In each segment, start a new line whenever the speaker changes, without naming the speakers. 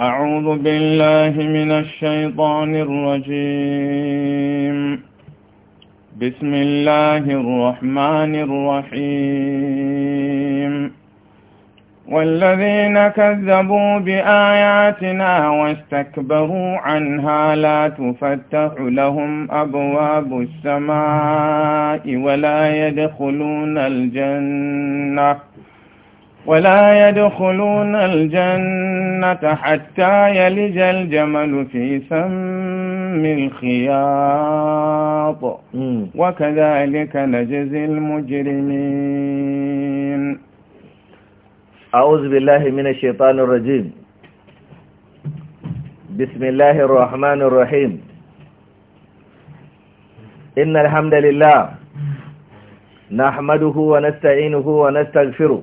أعوذ بالله من الشيطان الرجيم بسم الله الرحمن الرحيم والذين كذبوا بآياتنا واستكبروا عنها لا تفتح لهم أبواب السماء ولا يدخلون الجنة ولا يدخلون الجنة حتى يلج الجمل في سم الخياط وكذلك نجزي المجرمين
أعوذ بالله من الشيطان الرجيم بسم الله الرحمن الرحيم إن الحمد لله نحمده ونستعينه ونستغفره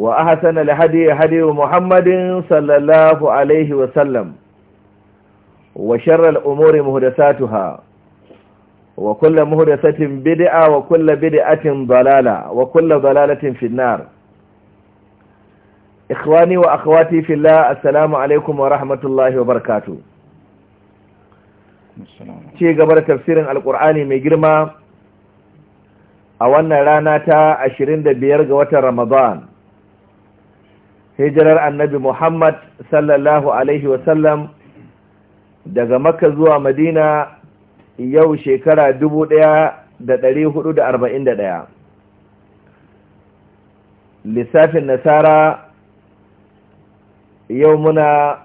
وأحسن الهدي هدي محمد صلى الله عليه وسلم وشر الأمور مهدساتها وكل مهدسة بدعة وكل بدعة ضلالة وكل ضلالة في النار إخواني وأخواتي في الله السلام عليكم ورحمة الله وبركاته ci gaba da tafsirin alkur'ani mai girma a wannan rana ta 25 ga watan ramadan hijirar annabi Muhammad sallallahu Alaihi wasallam daga Makka zuwa Madina yau shekara ɗaya. lissafin nasara yau muna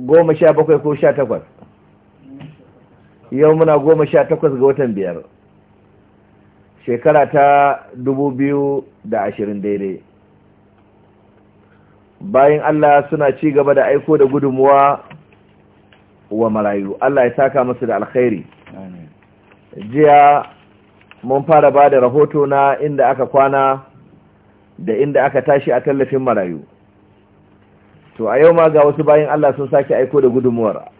goma sha bakwai ko sha takwas yau muna goma sha takwas ga watan biyar shekara ta dubu biyu da ashirin daidai bayan Allah suna ci gaba da aiko da gudunmuwa wa marayu Allah ya saka musu da alkhairi jiya mun fara ba da rahoto na inda aka kwana da inda aka tashi a tallafin marayu to a yau ma ga wasu bayan Allah sun sake aiko da gudunmuwar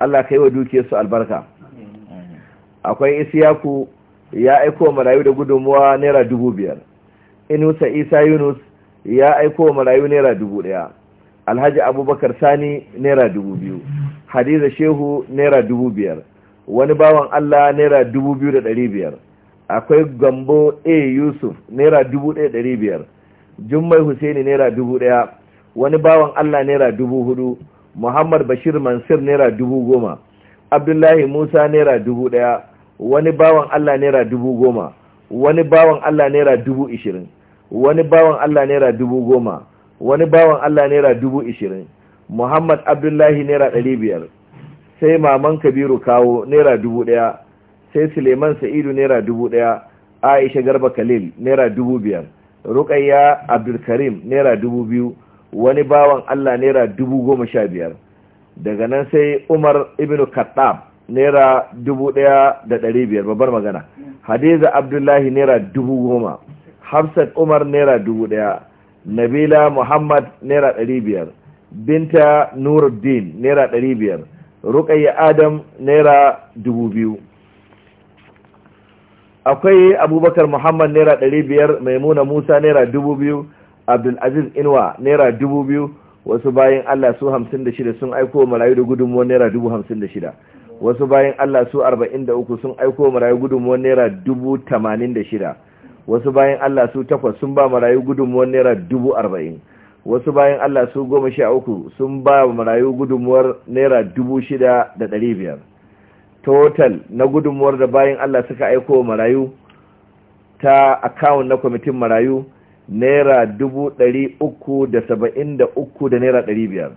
Allah ka yi wa su albarka akwai isiyaku ya aiko marayu da gudunmuwa naira dubu biyar inusa isa yunus ya aiko wa marayu naira dubu ɗaya alhaji abubakar sani naira dubu biyu hadiza shehu naira dubu biyar wani bawan allah naira dubu biyu da ɗari biyar akwai gambo a yusuf naira dubu ɗaya ɗari biyar jummai husaini naira dubu ɗaya wani bawan allah naira dubu hudu muhammad bashir mansur naira dubu goma abdullahi musa naira dubu ɗaya wani bawan allah naira dubu goma wani bawan allah naira dubu ishirin wani bawan Allah naira dubu goma wani bawan Allah naira dubu ishirin muhammad abdullahi naira ɗari biyar sai maman kabiru kawo naira dubu ɗaya sai suleiman sa'idu naira dubu ɗaya aisha garba kalil naira dubu biyar rukayya abdulkarim naira dubu biyu wani bawan allah naira dubu goma sha biyar daga nan sai umar ibn kattab naira dubu ɗaya da ɗari biyar babbar magana hadiza abdullahi naira dubu goma hafsat umar naira dubu ɗaya nabila muhammad naira ɗari biyar binta nuruddin naira ɗari biyar rukayya adam naira dubu biyu akwai abubakar muhammad naira ɗari biyar maimuna musa naira dubu biyu abdulaziz inuwa naira dubu biyu wasu bayan allah su hamsin da shida sun aiko marayu da gudunmuwar naira dubu hamsin da shida wasu bayan allah su arba'in da uku sun aiko marayu gudunmuwar naira dubu tamanin da shida wasu bayan Allah su takwas sun ba marayu gudunmuwar naira dubu arba'in wasu bayan Allah su goma sha uku sun ba marayu gudunmuwar naira dubu shida da ɗari biyar total na gudunmuwar da bayan Allah suka aiko marayu ta akawun na kwamitin marayu naira dubu ɗari uku da saba'in da uku da naira ɗari biyar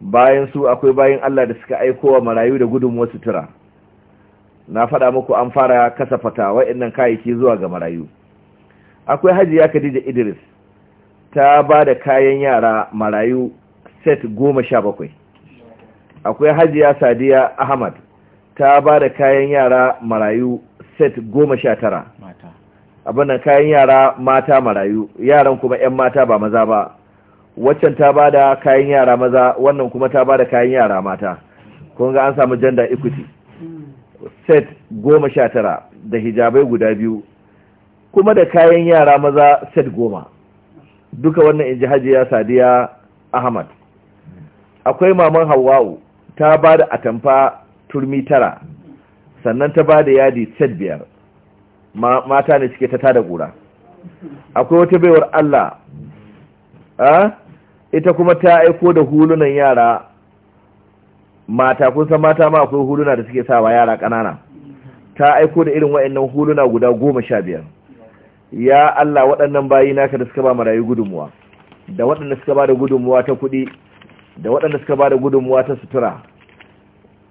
bayan su akwai bayan Allah da suka aiko wa marayu da gudunmuwar sutura na faɗa muku an fara kasa kasafata wa'annan kayayyaki zuwa ga marayu akwai hajiya Khadija Idris ta ba da kayan yara marayu set goma sha bakwai akwai hajiya Sadiya Ahmad ta ba da kayan yara marayu set goma sha tara abinnan kayan yara mata marayu yaran kuma 'yan mata ba maza ba waccan ta ba da kayan yara maza wannan kuma ta ba da kayan yara mata kun ga an samu gender equity set goma sha tara da hijabai guda biyu kuma da kayan yara maza set goma duka wannan in ji hajiya sadiya ahmad akwai maman hawa'u ta ba da atamfa turmi tara sannan ta ba da yadi set biyar mata ne cike ta tada ƙura akwai wata baiwar allah ah, ita kuma ta aiko da hulunan yara mata kun san mata ma akwai huluna da suke sawa yara ƙanana ta aiko da irin wa'annan huluna guda goma sha biyar ya Allah waɗannan bayi naka da suka ba marayu gudunmuwa da waɗanda suka ba da gudunmuwa ta kuɗi da waɗanda suka ba da gudunmuwa ta sutura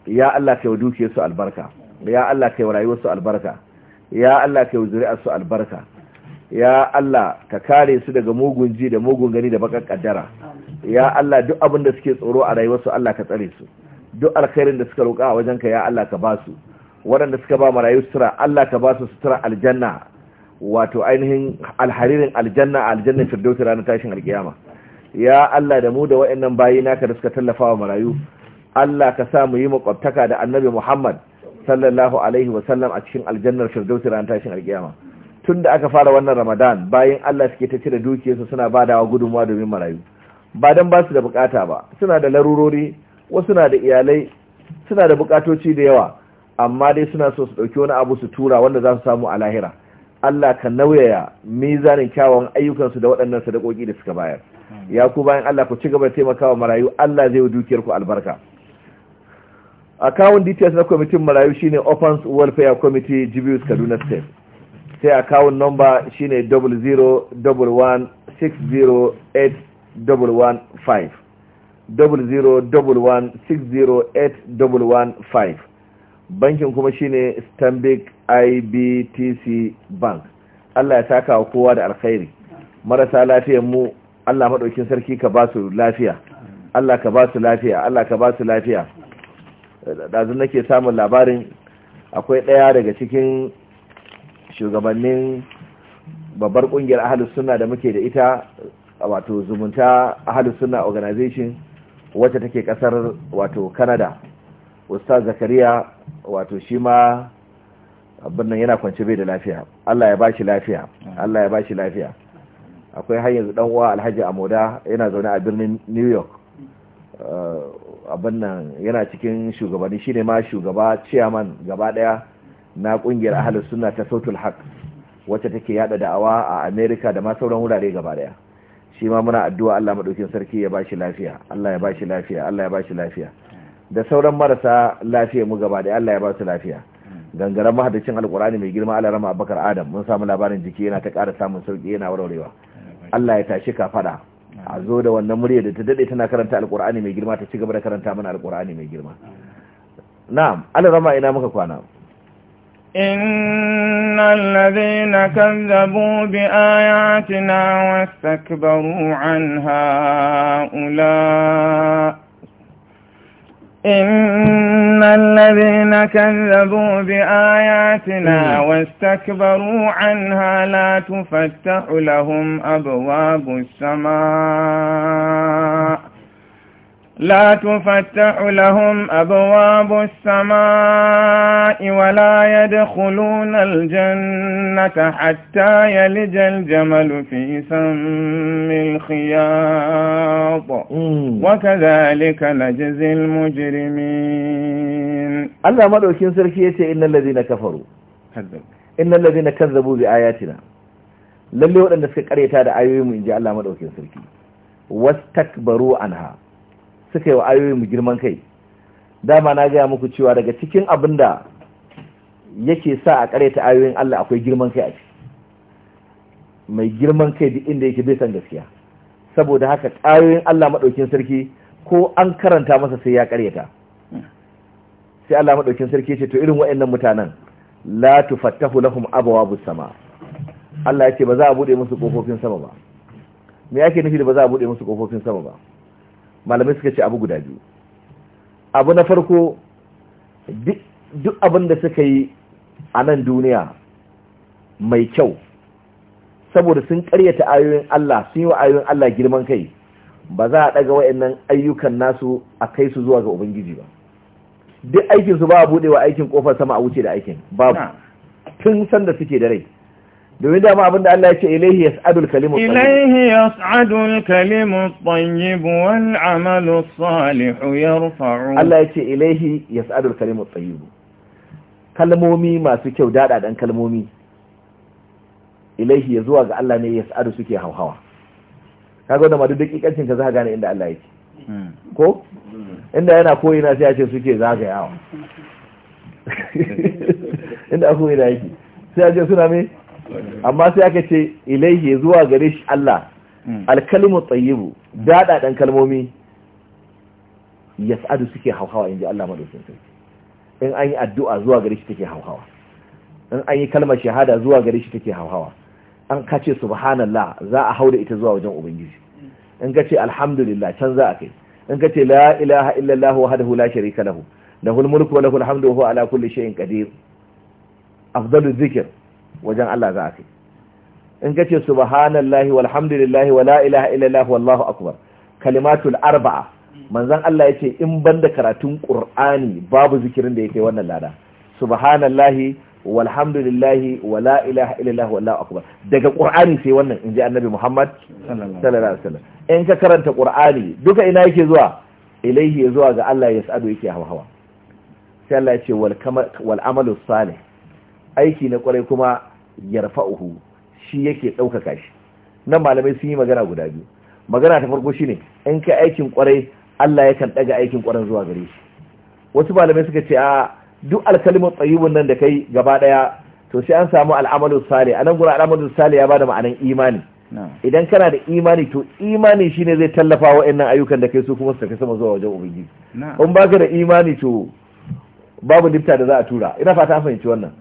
ya Allah kai dukiya su albarka ya Allah kai rayuwar su albarka ya Allah kai zuri'ar su albarka ya Allah ka kare su daga mugun ji da mugun gani da bakar kaddara ya Allah duk abin da suke tsoro a rayuwar su Allah ka tsare su duk alkhairin da suka roƙa a wajenka ya Allah ka ba su waɗanda suka ba marayu sutura Allah ka ba su sutura aljanna wato ainihin alharirin aljanna aljanna firdausi ranar tashin alkiyama ya Allah da mu da waɗannan bayi naka da suka tallafa wa marayu Allah ka sa mu yi makwabtaka da annabi Muhammad sallallahu alaihi wa sallam a cikin aljannar firdausi ranar tashin alkiyama tun da aka fara wannan Ramadan bayan Allah suke ta cire dukiyarsu suna badawa gudunmawa domin marayu ba dan ba su da bukata ba suna da larurori wasu na da iyalai suna da bukatoci da yawa amma dai suna so su ɗauki wani abu su tura wanda za su samu a lahira Allah ka nauyaya mizanin kyawun ayyukansu da waɗannan sadakoki da suka bayar ya ku bayan Allah ku ci gaba da taimakawa marayu Allah zai yi dukiyar ku albarka akawun details na kwamitin marayu shine Open Welfare Committee Jibius Kaduna State sai akawun number shine 0011608115. 0011601115 bankin kuma shine stanbic ibtc bank allah ya taka wa kowa da alkhairi marasa lafiyan mu allah maɗaukin sarki ka ba su lafiya allah ka ba su lafiya allah ka ba su lafiya ɗazun nake samun labarin akwai ɗaya daga cikin shugabannin babbar ƙungiyar ahalus suna da muke da ita wato zumunta ahalus suna organization wacce take kasar wato Canada Ustaz Zakariya wato shi ma abin nan yana kwance bai da lafiya Allah ya bashi lafiya Allah ya bashi lafiya akwai har yanzu dan uwa Alhaji Amoda yana zaune a birnin New York uh, abin nan yana cikin shugabanni shine ma shugaba chairman gaba daya na kungiyar ahlus sunna ta Sautul Haq wacce take yada da'awa a America da ma sauran wurare gaba daya shi ma muna addu'a Allah madaukin sarki ya bashi lafiya Allah ya bashi lafiya Allah ya bashi lafiya da sauran marasa lafiya mu gaba da Allah ya ba su lafiya gangaren mahadacin alkurani mai girma Allah rama Abubakar Adam mun samu labarin jiki yana ta ƙara samun sauki yana warwarewa Allah ya tashi ka fada a zo da wannan murya da ta dade tana karanta alkurani mai girma ta ci gaba da karanta mana alkurani mai girma na'am Allah rama ina muka kwana
إن الذين كذبوا بآياتنا واستكبروا عنها أولئك إن الذين كذبوا بآياتنا واستكبروا عنها لا تفتح لهم أبواب السماء لا تفتح لهم أبواب السماء ولا يدخلون الجنة حتى يلج الجمل في سم الخياط وكذلك نجزي
المجرمين الله ما لو كنت سركيتي إن الذين كفروا إن الذين كذبوا بآياتنا للي وأن نسكك أريتها دعايهم إن جاء الله ما لو كنت سركي واستكبروا عنها suka yi wa ayoyinmu girman kai dama na gaya muku cewa daga cikin abin da yake sa a ta ayoyin Allah akwai girman kai a ciki mai girman kai duk inda yake bai san gaskiya saboda haka ayoyin Allah madaukin sarki ko an karanta masa sai ya karyata sai Allah madaukin sarki ce to irin waɗannan mutanen la tufattahu lahum abwabus sama Allah ya ce ba za a bude musu kofofin sama ba me yake nufi da ba za a bude musu kofofin sama ba malamai suka ce abu guda biyu abu na farko duk abin da suka yi a nan duniya mai kyau saboda sun karyata ayoyin Allah sun yi wa ayoyin Allah girman kai ba za a daga wayannan ayyukan nasu a kai su zuwa ga ubangiji ba duk aikin ba a budewa aikin kofar sama a wuce da aikin babu tun sanda suke da rai domin dama abin da Allah ya ce ilaihi sa'adul kalimu tayyib
ilaihi sa'adul kalimu tayyib wal amalu salih yarfa'u Allah ya
ce ilaihi sa'adul kalimu tayyib kalmomi masu kyau dada dan kalmomi ilaihi ya zuwa ga Allah ne ya sa'adu suke hauhawa kaga wanda ma duk ikancin ka za gane inda Allah ya ce. Hmm. ko inda yana koyi na sai ya ce suke zagayawa inda akwai da yake sai ya ce suna me amma sai aka ce ilaihi zuwa gare shi Allah hmm. alkalmu tsayibu daɗa ɗan kalmomi ya sa'adu suke hauhawa in Allah madaukin sarki in an yi addu'a zuwa gare shi take hauhawa in an yi kalmar shahada zuwa gare shi take hauhawa an kace subhanallah za a haura ita zuwa wajen ubangiji in kace alhamdulillah can za a kai in kace la ilaha illallah wahdahu la sharika lahu lahul mulku wa lahul hamdu wa huwa ala kulli shay'in qadir afdalu dhikr wajen Allah za a kai in ka ce subhanallahi walhamdulillahi wala ilaha illallah wallahu akbar kalimatul arba'a manzon Allah yace in banda karatun qur'ani babu zikirin da yake wannan lada subhanallahi walhamdulillahi wala ilaha illallah wallahu akbar daga qur'ani sai wannan inji annabi Muhammad sallallahu alaihi wasallam in ka karanta qur'ani duka ina yake zuwa ilaihi zuwa ga Allah ya sa'adu yake hawa hawa sai Allah ya ce wal amalu salih aiki na kwarai kuma yarfa'uhu shi yake ɗaukaka shi nan malamai sun yi magana guda biyu magana ta farko shine in ka aikin kwarai Allah yakan ɗaga aikin kwarai zuwa gare shi wasu malamai suka ce a duk alkalimin tsayibun nan da kai gaba ɗaya to sai an samu al'amalu sale anan gura al'amalu sale ya bada ma'anan imani idan kana da imani to imani shine zai tallafa wa'annan ayyukan da kai su kuma su tafi sama zuwa wajen ubangiji in baka da imani to babu lifta da za a tura ina fata fahimci wannan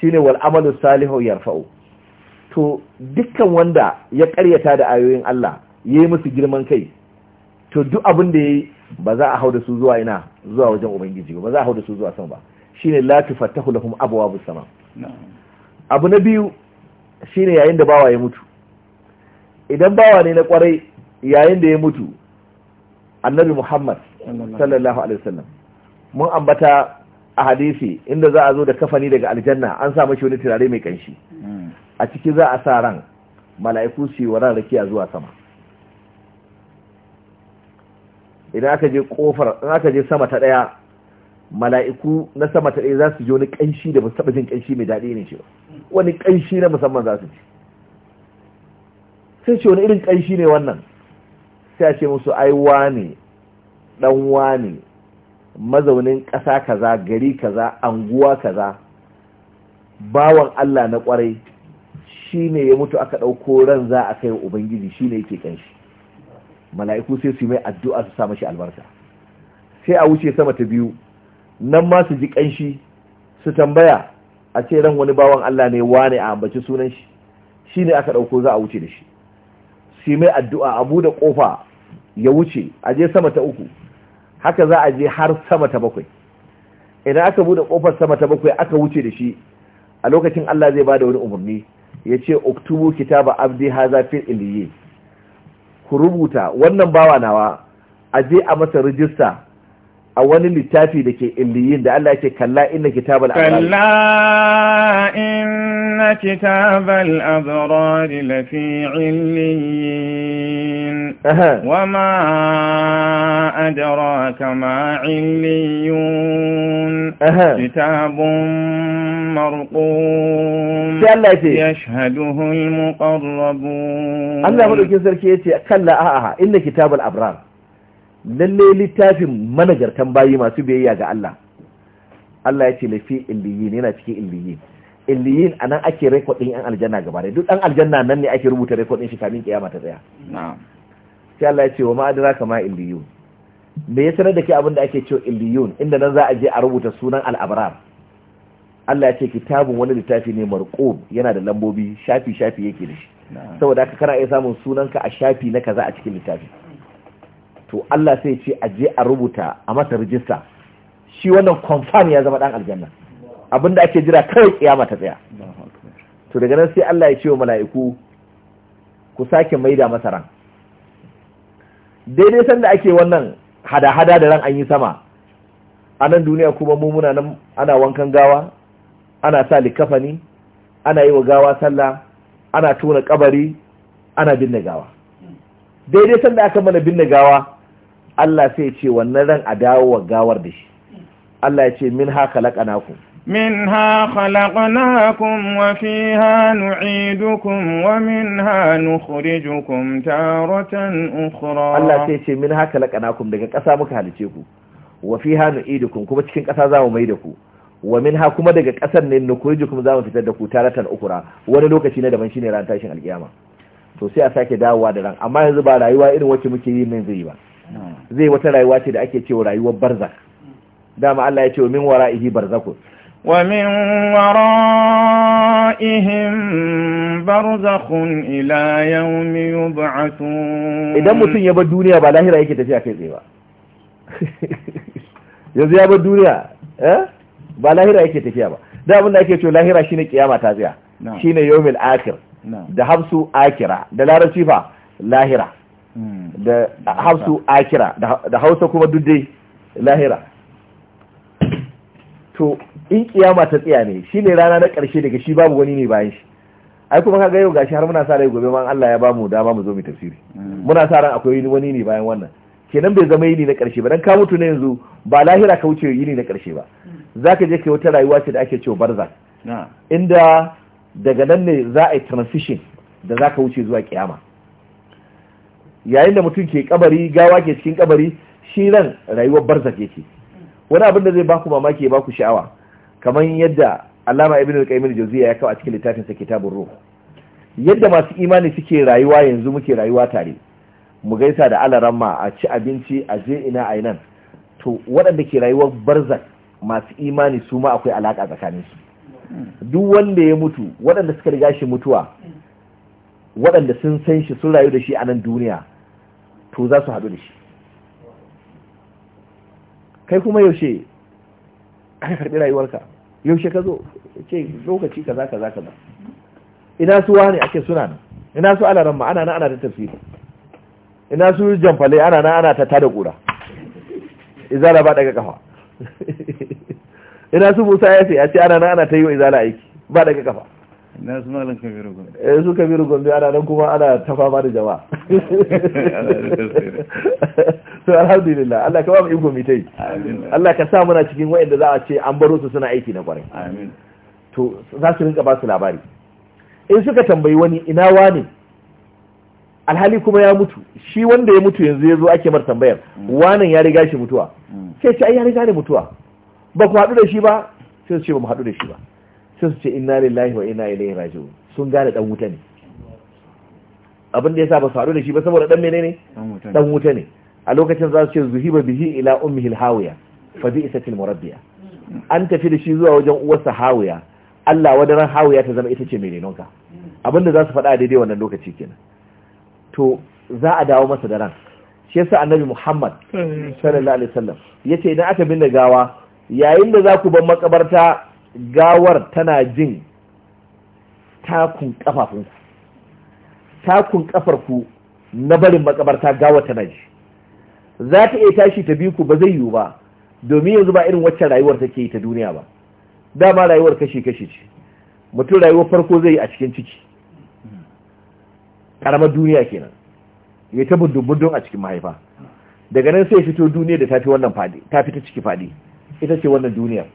shine wal amalu salihu yarfa'u to dukkan wanda ya karyata da ayoyin Allah yayi musu girman kai to duk abin da yayi ba za a da su zuwa ina zuwa wajen ubangiji ba za a da su zuwa sama ba shine la tufatahu lahum abwabus sama abu na biyu shine yayin da bawa ya mutu idan bawa ne na kwarai yayin da ya mutu annabi Muhammad sallallahu alaihi wasallam mun ambata a hadisi inda za a zo da kafani daga aljanna an sa mashi wani turare mai kanshi hmm. a ciki za a sa ran mala'iku su yi wa ran rakiya zuwa sama idan aka je kofar in aka je sama ta daya mala'iku na sama ta daya za su ji wani kanshi da musamman jin kanshi mai daɗi ne shi wani kanshi na musamman za su ji sai ce wani irin kanshi ne wannan sai a ce musu ai wani dan wani mazaunin ƙasa kaza gari kaza anguwa kaza bawan Allah na ƙwarai shi ne ya mutu aka ɗauko ran za a kai wa ubangiji shi ne yake ƙanshi mala'iku sai su mai addu'a su sa mashi albarka sai a wuce sama ta biyu nan ma su ji ƙanshi su tambaya a ce ran wani bawan Allah ne wane a ambaci sunan shi shi ne aka ɗauko za a wuce da shi su mai addu'a a buɗe ƙofa ya wuce a je sama ta uku haka za a je har sama ta bakwai idan aka bude kofar sama ta bakwai aka wuce da shi a lokacin Allah zai bada wani umarni ya ce oktubu kitaba abdi haza fil iliyi ku rubuta wannan bawa nawa a je a masa rijista a wani littafi da ke illiyin da Allah yake kalla inna kitabal abrar
kalla inna kitabal abrar lafi illiyin wa ma adraka ma illiyun kitabun marqum
yashhaduhu almuqarrabun Allah madaukin sarki yace kalla a'a inna kitabal abrar lalle littafin managartan bayi masu biyayya ga Allah Allah ya ce lafi illiyin yana cikin illiyin illiyin anan ake rekodin yan aljanna gaba da duk dan aljanna nan ne ake rubuta rekodin shi kamin kiyama ta tsaya na'am sai Allah ya ce wa ma adraka ma illiyun me ya sanar da ke abin da ake cewa illiyun inda nan za a je a rubuta sunan al'abrar Allah ya ce kitabun wani littafi ne marqub yana da lambobi shafi shafi yake da shi saboda haka kana iya samun sunanka a shafi na kaza a cikin littafi to Allah sai ce a je a rubuta a masa rijista shi wannan kwamfani ya zama ɗan aljanna abinda ake jira kawai kiyama ta tsaya to daga nan sai Allah ya ce wa mala'iku ku sake da masa ran daidai sanda ake wannan hada-hada da ran an yi sama a nan duniya kuma muna nan ana wankan gawa ana sa likafani ana yi wa gawa sallah ana tona kabari ana binne gawa daidai sanda aka mana binne gawa Allah sai ce wannan ran a dawo wa gawar da shi Allah ya ce min ha ku.
min ha khalaqnakum wa fiha nu'idukum wa minha nukhrijukum taratan ukhra Allah sai
ce min ha ku. daga ƙasa muka halice ku wa fiha nu'idukum kuma cikin ƙasa za mu mai da ku wa minha kuma daga ƙasar ne nukhrijukum za mu fitar da ku taratan ukhra wani lokaci na daban shine ran tashin alkiyama to sai a sake dawowa da ran amma yanzu ba rayuwa irin wacce muke yi nan zai yi ba zai wata rayuwa ce da ake cewa rayuwar barzak dama Allah ya ce min wara'ihi barzakun wa min wara'ihim
barzakhun ila yawmi yub'athun
idan mutum ya bar duniya ba lahira yake tafiya kai tsaye ba yanzu ya bar duniya eh ba lahira yake tafiya ba da abinda ake cewa lahira shine kiyama ta tsaya shine yawmil akhir da habsu akira da larabci fa lahira da hafsu akira da hausa kuma duk lahira to in kiyama ta tsaya ne shi ne rana na ƙarshe daga shi babu wani ne bayan shi ai kuma kaga yau gashi har muna sa rai gobe ma Allah ya bamu dama mu zo mu tafsiri mm. muna sa ran akwai wani ne bayan wannan kenan bai zama yini na ƙarshe ba dan ka mutu ne yanzu ba lahira ka wuce yini na ƙarshe ba mm. zaka je kai wata rayuwa ce da ake cewa barza inda daga nan ne za a yi transition da zaka wuce zuwa kiyama yayin da mutum ke kabari gawa ke cikin kabari shi ran rayuwar barzak yake wani abin da zai baku mamaki ya baku sha'awa kamar yadda alama ibn al-qayyim al-jawziya ya kawo a cikin littafin sa kitabur ruh yadda masu imani suke rayuwa yanzu muke rayuwa tare mu gaisa da alaramma a ci abinci a je ina a nan to waɗanda ke rayuwar barzak masu imani su ma akwai alaka tsakanin su duk wanda ya mutu waɗanda suka riga shi mutuwa waɗanda sun san shi sun rayu da shi a nan duniya to za su haɗu da shi kai kuma yaushe aka karɓi rayuwarka yaushe ka zo ce lokaci kaza kaza kaza ina su wani ake suna nan ina su alaran ma ana na ana ta tafsiri ina su jamfale ana na ana ta tada kura izala ba daga kafa ina su musa ya ce ya ce ana na ana ta yi wa izala aiki ba daga kafa
na su malam kabiru gombe
eh su kabiru gombe ana nan kuma ana ta fama da jama'a to alhamdulillah Allah ka ba mu iko mitai Allah ka sa muna cikin wayanda za a ce an baro su suna aiki na kwarai amin to za su rinka ba su labari in suka tambayi wani ina wani alhali kuma ya mutu shi wanda ya mutu yanzu ya zo ake mar tambayar mm. wanan ya riga shi mutuwa mm. sai ce ai ya riga ne mutuwa ba ku haɗu da shi ba sai su ce ba mu haɗu da shi ba Sun su ce inna lillahi wa inna ilaihi raji'un sun gane dan wuta ne abin da yasa ba su haɗu da shi ba saboda dan menene dan wuta ne a lokacin za su ce zuhiba bihi ila ummihi alhawiya fa bi isatil murabbiya an tafi da shi zuwa wajen uwarsa hawiya Allah wadaran hawiya ta zama ita ce mai renonka da za su faɗa a daidai wannan lokaci kenan to za a dawo masa da ran shi yasa annabi Muhammad sallallahu alaihi wasallam yace idan aka binne gawa yayin da za ku bar makabarta gawar tana jin takun kafafunku takun kafarku na barin makabarta gawar tana ji za ta iya tashi ta bi ku ba zai yiwu ba domin yanzu ba irin waccan rayuwar take yi ta duniya ba dama rayuwar kashi-kashi ce mutum rayuwar farko zai yi a cikin ciki karamar duniya kenan ya ta bundun a cikin mahaifa daga nan sai fito duniya da ta fi wannan fadi ta fita ciki fadi ita ce wannan duniyar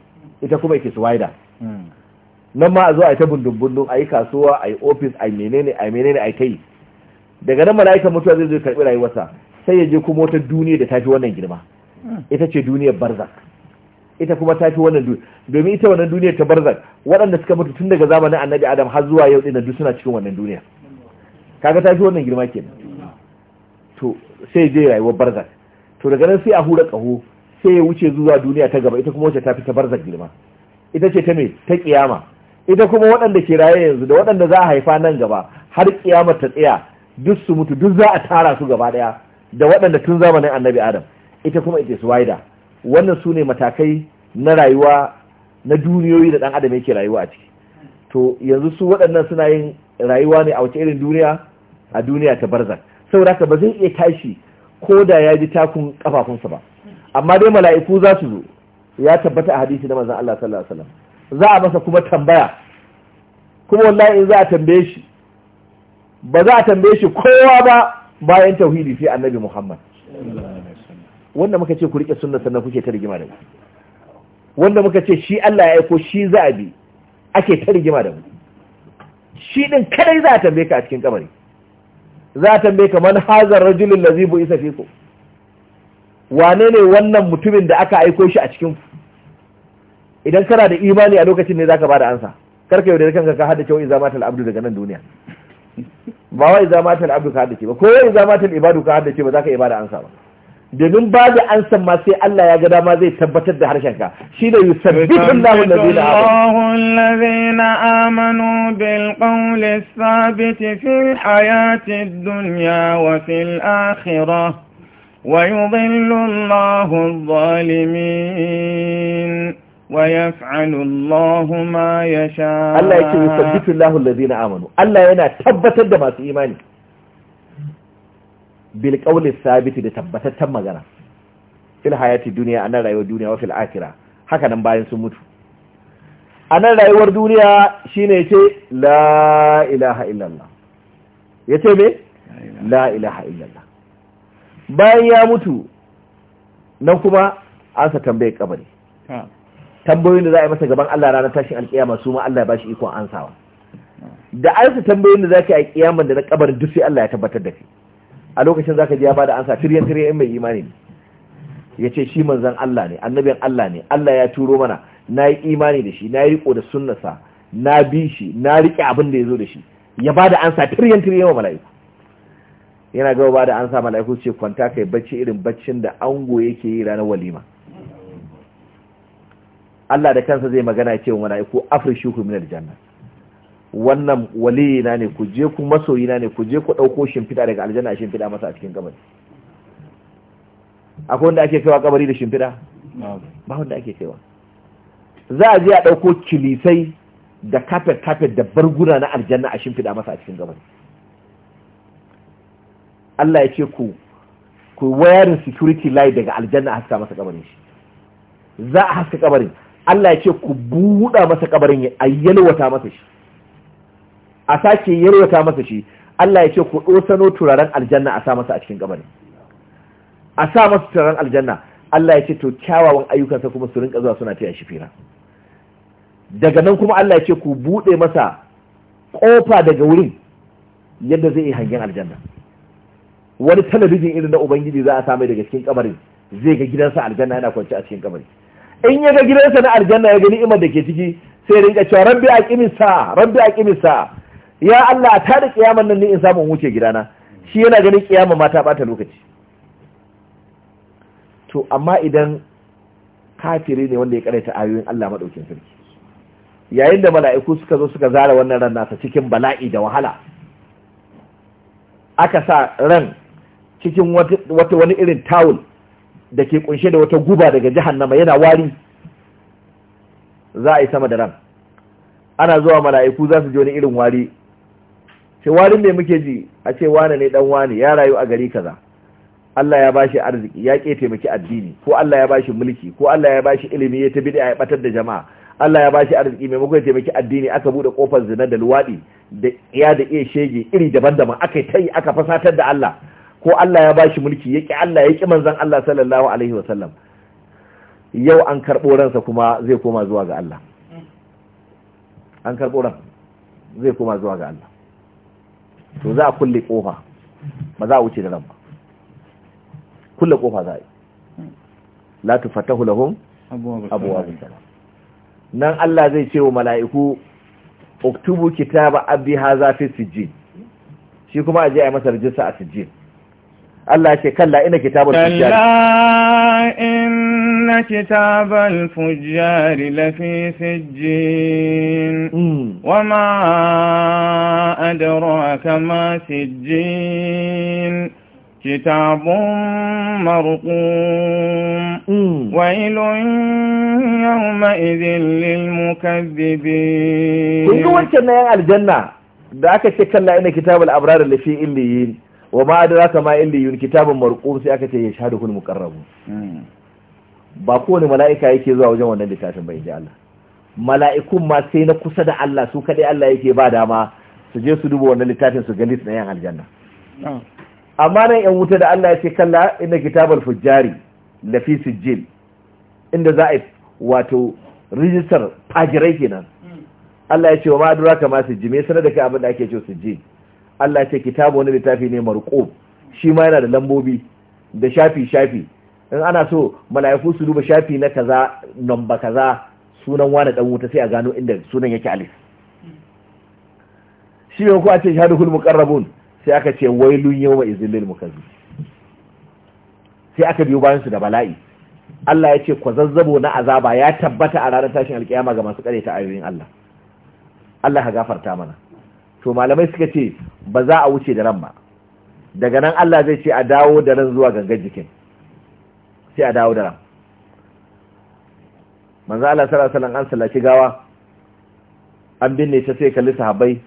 ita kuma kiswaida hmm. nan ma a zo a yi ta bundun-bundun a yi kasuwa a yi ofis a yi menene a yi menene a yi ta yi daga nan mala'ika mutuwa zai zo karɓi rayuwarsa sai ya je kuma wata duniya da tafi wannan girma hmm. ita ce duniyar barzak ita kuma tafi wannan duniya domin ita wannan duniyar ta barzak waɗanda suka mutu tun daga zamanin annabi adam har zuwa yau ɗin duk suna cikin wannan duniya kaga tafi wannan girma kenan hmm. to sai je rayuwar barzak to daga nan sai a hura ƙaho sai ya wuce zuwa duniya ta gaba ita kuma wacce ta fi ta barzak girma ita ce ta me ta kiyama ita kuma waɗanda ke raye yanzu da waɗanda za a haifa nan gaba har kiyamar ta tsaya duk su mutu duk za a tara su gaba ɗaya da waɗanda tun zamanin annabi adam ita kuma ita suwaida wannan su ne matakai na rayuwa na duniyoyi da ɗan adam yake rayuwa a ciki to yanzu su waɗannan suna yin rayuwa ne a wace irin duniya a duniya ta barzak saboda haka ba zai iya tashi ko da ya ji takun kafafunsa ba amma dai mala'iku za su zo ya tabbata a hadisi na manzon Allah sallallahu alaihi wasallam za a masa kuma tambaya kuma wallahi in za a tambaye shi ba za a tambaye shi kowa ba bayan tauhidi sai annabi Muhammad wanda muka ce ku rike sunnar sannan kuke ta rigima da mu wanda muka ce shi Allah ya aiko shi za a bi ake ta rigima da mu shi din kadai za a tambaye ka a cikin kamari za a tambaye ka man hazar rajulun lazi bu isa fiko wane ne wannan mutumin da aka aiko shi a cikin idan kana da imani a lokacin ne zaka bada ansa karka yaudare kanka ka haddace wa izamata abdu daga nan duniya ba wa izamata abdu ka haddace ba ko wa izamata Ibadu ka haddace ba zaka iya bada ansa ba domin ba da ansa ma sai Allah ya ga dama zai tabbatar da harshenka shi da yusabbitu Allahu
allazina amanu bil qawli thabit fil dunya wa fil akhirah ويضل الله الظالمين ويفعل الله ما يشاء الله يكي يثبت
الله الذين آمنوا الله ينا تبت الدماء في إيماني بالقول الثابت لتبت تم غنى في الحياة الدنيا أنا رأي الدنيا وفي الآخرة حكا nan bayan أنا mutu a nan rayuwar duniya shine yace la ilaha illallah yace me la ilaha illallah bayan ya mutu nan kuma an tambayar kabari tambayoyin da za a yi masa gaban Allah ranar tashin alkiyama su ma Allah ya bashi ikon ansawa da ansa sa tambayoyin da za ka yi a kiyaman da na kabarin duk sai Allah ya tabbatar da shi a lokacin za ka ji ya bada ansa tiriyan tiriyan mai imani ne ya ce shi manzan Allah ne annabin Allah ne Allah ya turo mana na yi imani da shi na yi riko da sunnasa na bi shi na rike abin da ya zo da shi ya ba da ansa tiriyan tiriyan wa mala'iku yana gaba ba da an sa mala'iku ce kwanta kai bacci irin baccin da ango yake yi ranar walima Allah da kansa zai magana ce wa mala'iku afrishuhu minar janna wannan waliyina ne ku je ku masoyina ne ku je ku ɗauko shimfida daga aljanna shimfida masa a cikin kabari akwai wanda ake kaiwa kabari da shimfida ba wanda ake kaiwa za a je a ɗauko kilisai da kafet kafet da barguna na aljanna a shimfida masa a cikin kabari Allah ya ce ku ku wayarin security light daga aljanna haska masa kabarin shi za a haska kabarin Allah ya ce ku buɗa masa kabarin a yalwata masa shi a sake yalwata masa shi Allah ya ce ku ɗosano turaren aljanna a sa masa a cikin kabarin a sa masa turaren aljanna Allah ya ce to kyawawan ayyukansa kuma su rinka zuwa suna taya shi fira daga nan kuma Allah ya ce ku buɗe masa ƙofa daga wurin yadda zai yi hangen aljanna wani talabijin irin na ubangiji za a samu daga cikin kamarin zai ga gidansa aljanna yana kwance a cikin kamarin in ya ga gidansa na aljanna ya gani iman da ke ciki sai ya rinka cewa rabbi aqimisa rabbi aqimisa sa ya Allah ta da kiyaman nan ne in samu wuce gidana shi yana ganin kiyama ma ta bata lokaci to amma idan kafiri ne wanda ya karanta ayoyin Allah madaukin sarki yayin da mala'iku suka zo suka zara wannan ran nasa cikin bala'i da wahala aka sa ran cikin wata wani irin tawul da ke kunshe da wata guba daga jahannama yana wari za a yi sama da ran ana zuwa mala'iku za su ji wani irin wari ce warin ne muke ji a ce wane ne dan wane ya rayu a gari kaza Allah ya bashi arziki ya ke taimaki addini ko Allah ya bashi mulki ko Allah ya bashi ilimi ya ta bid'a ya batar da jama'a Allah ya bashi arziki maimakon ya taimaki addini aka bude kofar zina da luwadi da iya da iya shege iri daban-daban aka yi aka fasatar da Allah ko Allah ya bashi mulki ya ki Allah ya ki manzon Allah sallallahu alaihi wa sallam yau an karɓo ransa kuma zai koma zuwa ga Allah an karɓo ran zai koma zuwa ga Allah to za a kulle kofa ba za a wuce da ran ba kulle kofa za a yi la tufatahu lahum abwaabus salam nan Allah zai ce wa mala'iku uktubu kitaba abdi hadha fi sijjin shi kuma aje a yi masa rijista a sijjin Allah ce kalla ina kitabul fujjar kalla inna kitabal
fujjar lafi sijjin hmm. wama adraka ma sijjin كتاب مرقوم ويل
يومئذ للمكذبين كنت وانت نيان aljanna da aka ce kalla ina kitabul abrar lafi illiyin wa ma adraka ma yun kitabun marqum sai aka ce ya shahadu kun muqarrabun ba kowane mala'ika yake zuwa wajen wannan littafin bai ji Allah mala'ikun ma sai na kusa da Allah su kadai Allah yake ba dama su je su duba wannan littafin su ga tsayan na aljanna ah. amma nan yan wuta da Allah ya ce kalla inna kitabal fujjari lafi sijil inda za a wato rijistar pajirai kenan hmm. Allah ya ce wa ma adraka ma sijil me sanar da kai abin da ake cewa sijil Allah ce kitabu wani littafi ne marko. shi ma yana da lambobi da shafi shafi in ana so mala'iku su duba shafi na kaza namba kaza sunan wani dan wuta sai a gano inda sunan yake alif shi ne ko a ce shahadul muqarrabun sai aka ce wailun yawma izillil mukazzib sai aka biyo bayan su da bala'i Allah ya ce kwazazzabo na azaba ya tabbata a ranar tashin alkiyama ga masu kare ta ayoyin Allah Allah ka gafarta mana to malamai suka ce ba za a wuce da ran ba daga nan Allah zai ce a dawo da ran zuwa gangan jikin sai a dawo da ran manzo Allah sallallahu alaihi wasallam an sallaki gawa an binne ta sai kalli sahabbai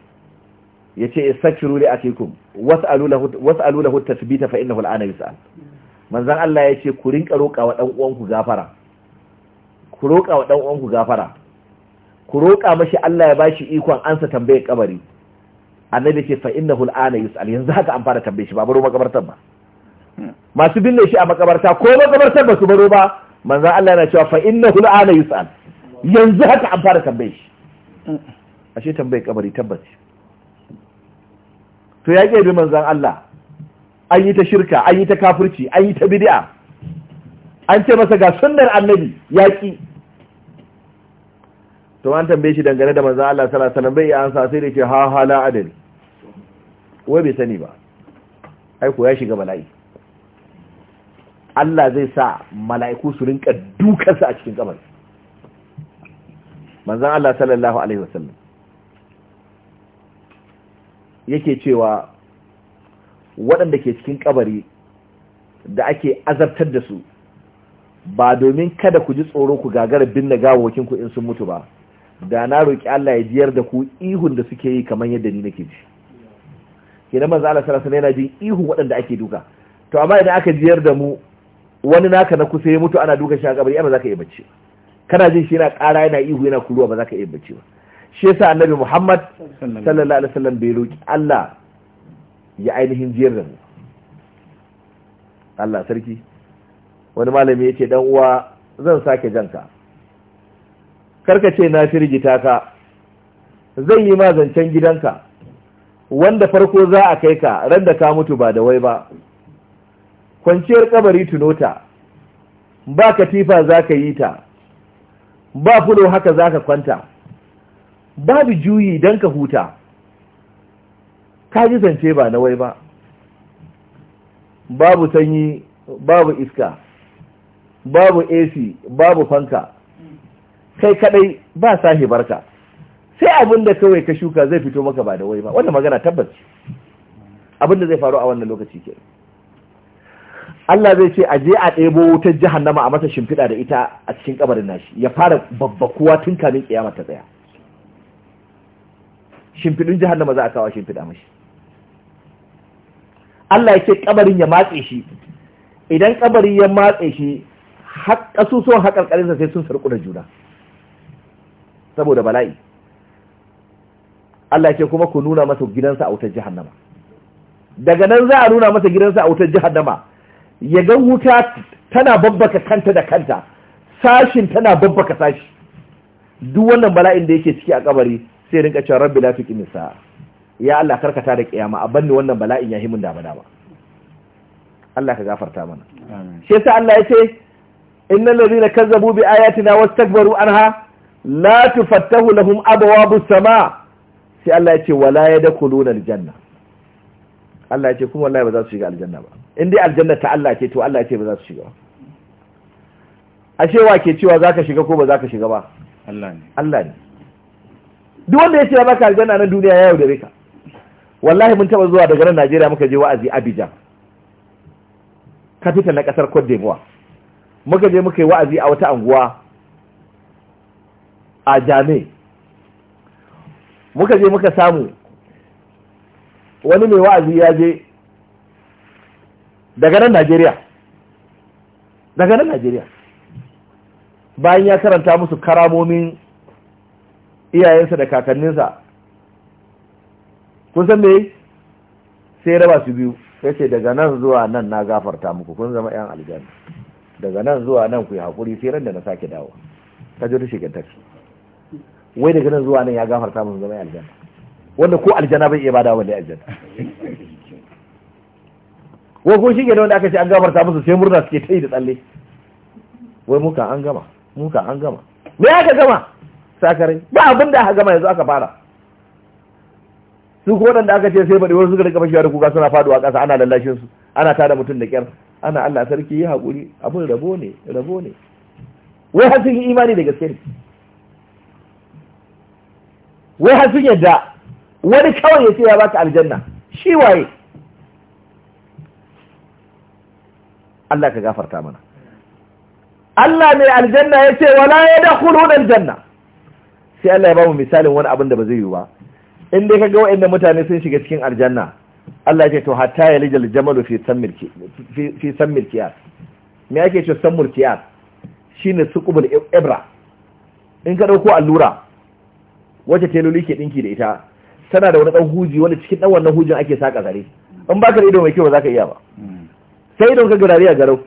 yace istaghfiru li akikum was'alu lahu was'alu lahu tathbita fa innahu al'ana yus'al manzon Allah yace ku rinka roƙa wa dan uwanku gafara ku roƙa wa dan uwanku gafara ku roƙa mashi Allah ya bashi ikon ansa tambayar kabari annabi ce fa innahu al'ana yus'al yanzu haka an fara tambaye shi ba baro makabartar ba masu binne shi a makabarta ko makabartar ba su baro ba manzo Allah yana cewa fa innahu al'ana yus'al yanzu haka an fara tambaye shi ashe tambaye kabari tabbaci to ya ke bi manzon Allah an yi ta shirka an yi ta kafirci an yi ta bid'a an ce masa ga sunnar annabi yaki to an tambaye shi dangane da manzon Allah sallallahu alaihi wasallam bai ansa sai da ke ha hala adali wai bai sani ba aiko ya shiga bala'i Allah zai sa mala'iku su rinka dukansa a cikin kamar manzan Allah sallallahu Alaihi wasallam yake cewa waɗanda ke cikin kabari da ake azabtar da su ba domin kada ku ji tsoro ku gagara binne gawokinku in sun mutu ba da na roƙi Allah ya jiyar da ku ihun da suke yi kamar yadda ni nake ji kenan manzo Allah sallallahu alaihi yana jin ihu waɗanda ake duka to amma idan aka jiyar da mu wani naka na kusa ya mutu ana duka shi a kabari ba za ka iya bacci kana jin shi yana ƙara yana ihu yana kuluwa ba za ka iya bacci ba shi yasa annabi Muhammad sallallahu alaihi wasallam bai roki Allah ya ainihin jiyar da mu Allah sarki wani malami yace dan uwa zan sake janka karka ce na firgita ka zan yi ma zancen gidanka wanda farko za a kai ka ran da ka mutu ba da wai ba kwanciyar kabari tunota ba katifa za ka yi ta ba fulo haka za ka kwanta babu juyi don ka huta ka ji zance ba na wai ba babu sanyi babu iska babu ac babu fanka kai kadai ba sahibarka sai abin da kawai ka shuka zai fito maka ba da wai ba wannan magana tabbas abin da zai faru a wannan lokaci ke Allah zai ce a je a ɗebo wutar jahannama a masa shimfiɗa da ita a cikin kabarin nashi ya fara babbakuwa tun kamin kiyama ta tsaya shimfiɗin jahannama za a kawo shimfiɗa mashi Allah ya ce kabarin ya matse shi idan kabari ya matse shi kasusuwan haƙarƙarinsa sai sun sarƙu da juna saboda bala'i Allah ce kuma ku nuna masa gidansa a wutar jahannama daga nan za a nuna masa gidansa a wutar jahannama ya ga wuta tana babbaka kanta da kanta sashin tana babbaka sashi duk wannan bala'in da yake ciki a kabari sai rinka cewa rabbi la tuqim nisa ya Allah karkata da kiyama a banni wannan bala'in ya himin dama dama Allah ka gafarta mana shi yasa Allah ya ce innal ladina kazzabu bi ayatina wastakbaru anha la tufattahu lahum abwabus samaa sai Allah ya ce wala yadkhuluna aljanna Allah ya ce kuma wallahi ba za su shiga aljanna ba in dai aljanna ta Allah ce to Allah ya ce ba za su shiga ba. ashe wa ke cewa zaka shiga ko ba zaka shiga ba Allah ne Allah ne duk wanda ya ce ya baka aljanna na duniya ya yaudare ka wallahi mun taba zuwa daga nan Najeriya muka je wa'azi Abidjan capital na kasar Cote d'Ivoire muka je muka yi wa'azi a wata anguwa a jami'a muka je muka samu wani mai wa'azi ya je daga nan najeriya daga nan najeriya bayan ya karanta musu karamomin iyayensa da kakanninsa kun san me sai raba su biyu sai ce daga nan zuwa nan na gafarta muku kun zama yan aljanna daga nan zuwa nan ku yi haƙuri sai ran da na sake dawo ta ji ta taksi wai daga nan zuwa nan ya gafarta mun zama aljanna wanda ko aljanna bai iya bada wa ne aljanna wai ko shi ne wanda aka ce an gafarta musu sai murna suke ta yi da tsalle wai muka an gama muka an gama me aka gama sakarai ba abin da aka gama yanzu aka fara su ko waɗanda aka ce sai baɗi wasu suka rika fashewa da kuka suna faduwa ƙasa ana lallashin su ana tada mutum da ƙyar ana Allah sarki ya haƙuri abin rabo ne rabo ne wai har sun yi imani da gaske ne wai har sun yadda wani kawai ya ce ya baka aljanna shi waye Allah ka gafarta mana Allah mai aljanna ya ce wala ya da aljanna sai Allah ya bamu misalin wani abin da ba zai yi ba in dai ga wa'inda mutane sun shiga cikin aljanna Allah ya ce to hatta ya lijal jamalu fi san sammilki fi sammilkiyat me yake ce ne shine suqubul ibra in ka dauko allura wacce teloli ke dinki da ita tana da wani dan huji wanda cikin dan wannan hujin ake saka zare in baka da ido mai kyau ba za ka iya ba sai idon ka gurare a garau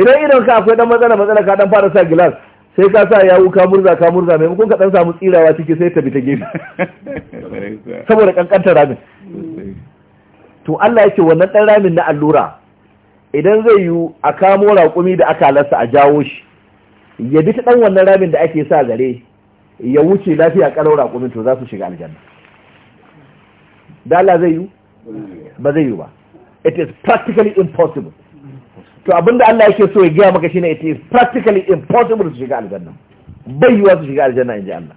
idan idon ka akwai dan matsala matsala ka dan fara sa gilas sai ka sa yawu ka murza ka murza mukun ka dan samu tsirawa ciki sai ta bi ta gefe
saboda
kankantar ramin to Allah yake wannan dan ramin na allura idan zai yi a kamo raƙumi da aka lasa a jawo shi ya bi ta ɗan wannan ramin da ake sa gare, ya wuce lafiya kalau rakumin to za su shiga aljanna dala zai yi ba zai yi ba it is practically impossible to abinda Allah yake so ya gaya maka shine it is practically impossible su shiga aljanna bai yiwa su shiga aljanna inji Allah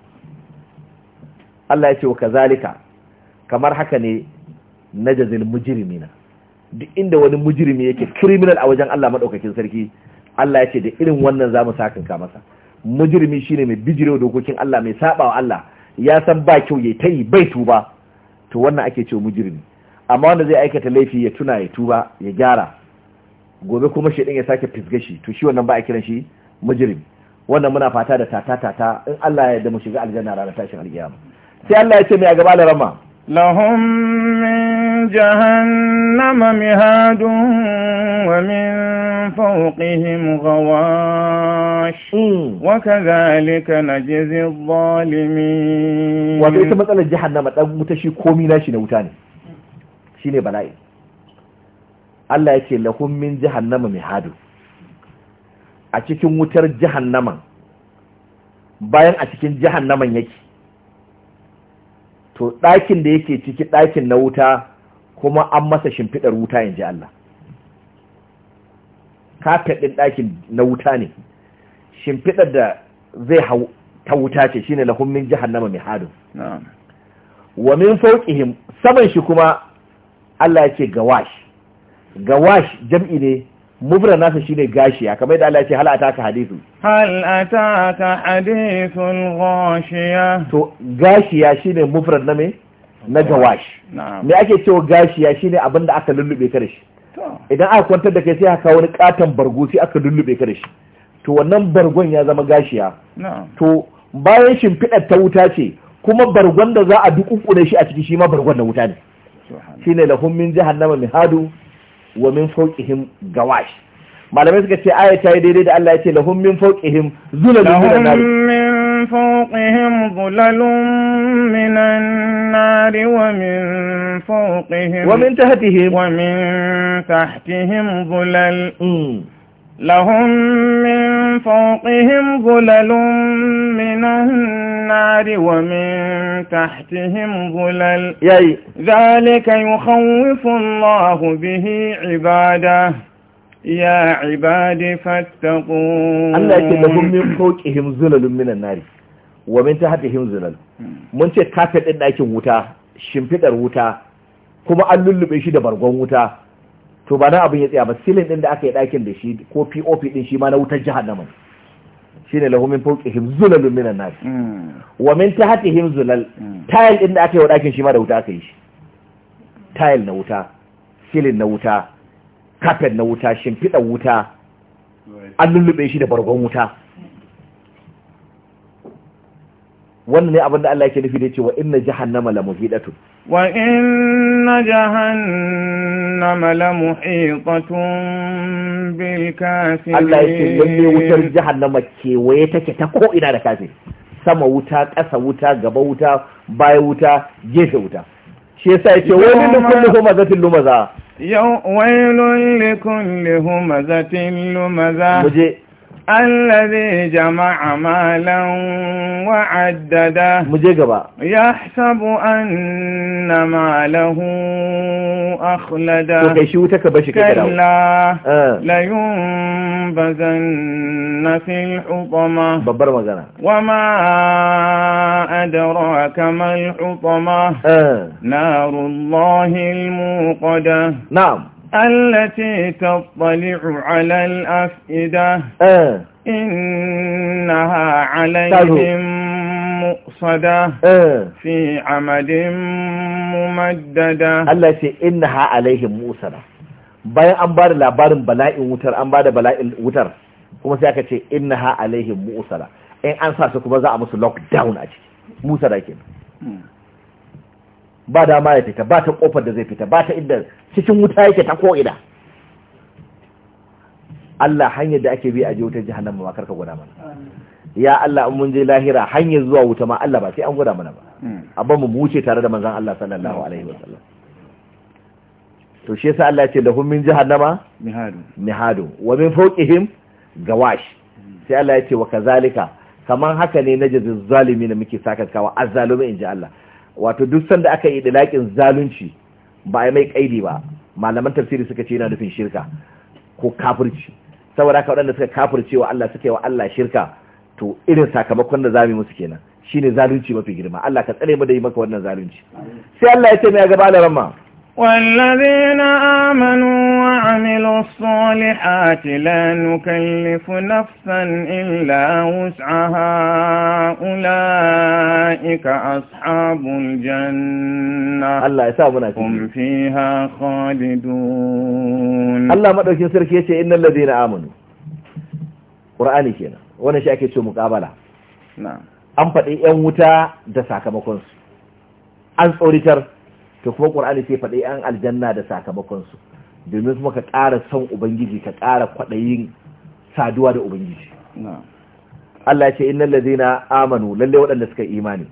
Allah ya ce wa kazalika kamar haka ne na najazil mujrimina duk inda wani mujrimi yake criminal a wajen Allah madaukakin sarki Allah ya ce da irin wannan za mu sakanka masa Mujirmi shi ne mai bijirewa dokokin Allah mai saɓawa Allah ya san ba kyau ya ta tayi bai tuba to wannan ake ce mujirmi. amma wanda zai aikata laifi ya tuna ya tuba ya gyara gobe kuma shi ya sake fisga shi to shi wannan ba a kiran shi mujirmi. wannan muna fata da tata tata in Allah ya yarda mu shiga aljanna ranar tashin alƙiyama sai Allah ya ce mai a gaba da rama
لهم من جهنم مهاد ومن فوقهم غواش وكذلك نجزي الظالمين wato ita
matsalar jahannama dan wuta shi komi nashi na wuta ne shine bala'i Allah yake lahum min jahannama mihadu a cikin wutar jahannaman bayan a cikin jahannaman yake to ɗakin da yake ciki ɗakin na wuta kuma an masa shimfiɗar wuta in ji Allah kafet ɗin ɗakin na wuta ne shimfiɗar da zai hau ta wuta ce shine lahum min mai hadu wa min saman shi kuma Allah ya ce gawash gawash jam'i ne mubra nasa shine gashiya kamar yadda Allah ya ce hal ataka hadithu hal ataka hadithun ghashiya to gashiya shine mubra na me na gawash me ake cewa gashiya shine abinda aka lullube ka da shi idan aka kwantar da kai sai aka wani katon bargo sai aka lullube ka da shi to wannan bargon ya zama gashiya to bayan shimfiɗar ta wuta ce kuma bargon da za a duk shi a ciki shi ma bargon da wuta ne shine lahum min jahannama mihadu wa min fawqihim gawash malamai suka ce aya ta yi daidai da Allah ya ce lahum min fawqihim zulalun minan nar
min fawqihim zulalun minan nar wa min fawqihim wa min tahtihim wa min tahtihim zulal hmm. لهم من فوقهم ظلل من النار ومن تحتهم ظلل ياي. ذلك يخوف الله به عباده يا عباد فاتقون
الله يكي لهم من فوقهم ظلل من النار ومن تحتهم ظلل من ce kafet ɗin ɗakin wuta shimfiɗar wuta kuma an lullube shi da bargon wuta to ba na abin ya tsaya ba silin din da aka yi ɗakin da shi ko pop din shi ma na wutar jihar ne shi ne lahumin him zulalun minan nasi hmm. wa min him zulal hmm. tayil din da aka yi wa ɗakin shi ma da wuta aka yi shi tayil na wuta silin na wuta kafet na wuta shimfiɗa wuta an lullube shi da bargon wuta wannan ne abin da Allah yake nufi da cewa inna jahannama la muhidatun
wa inna jahannama
la muhitatun bil kafirin Allah yake lalle wutar jahannama kewaye take ta ko ina da kafiri sama wuta ƙasa wuta gaba wuta baya wuta gefe wuta shi yasa yake wani da kullu huma zatil lumaza
yau wailun likulli huma zatil lumaza muje الذي جمع مالا وعدده مجيقبا يحسب أن ماله أخلده
كلا
آه. لينبذن في
الحطمة
وما أدراك ما الحطمة آه. نار الله الموقدة نعم التي تطلع على الأفئدة إنها عليهم مؤصدة
في عمد ممددة التي إنها عليهم مؤصدة bayan an bada labarin bala'in wutar an bada bala'in wutar kuma sai aka ce innaha alaihim mu'sala in an sa su kuma za a musu lockdown a ciki musala kenan ba dama ya fita ba ta kofar da zai fita ba ta inda cikin wuta yake ta ko'ida. Allah hanyar da ake bi a jiwutar jihannan jahannama ma karka gwada mana ya Allah in mun je lahira hanyar zuwa wuta ma Allah ba sai an guda mana ba hmm. abban mu wuce tare da manzon Allah sallallahu alaihi wasallam to shi yasa Allah ya ce lahum min jahannama mihadu mihadu wa min fawqihim gawash sai Allah ya ce wa kazalika kaman haka ne na zalimin zalimi muke sakatkawa azzalumi inji Allah wato duk sanda aka yi dalakin zalunci ba a mai kaidi ba malaman tafsiri suka ce yana nufin shirka ko kafirci saboda haka waɗanda suka kafirce wa Allah suka yi wa Allah shirka to irin sakamakon da zamu musu kenan shine zalunci mafi girma Allah ka tsare mu da yi maka wannan zalunci sai Allah ya ce mai gaba da ramma
والذين آمنوا وعملوا الصالحات لا نكلف نفسا إلا وسعها أولئك أصحاب الجنة الله يسامنا هم فيها
خالدون الله ما دوكين سركي إن الذين آمنوا قرآني كنا وانا شاكي شو مقابلة نعم an faɗi 'yan wuta da sakamakonsu an tsoritar to kuma ƙur'ani sai faɗi an aljanna da sakamakonsu domin kuma ka ƙara son ubangiji ka ƙara kwaɗayin saduwa da ubangiji Allah ce innal ladina amanu lalle waɗanda suka imani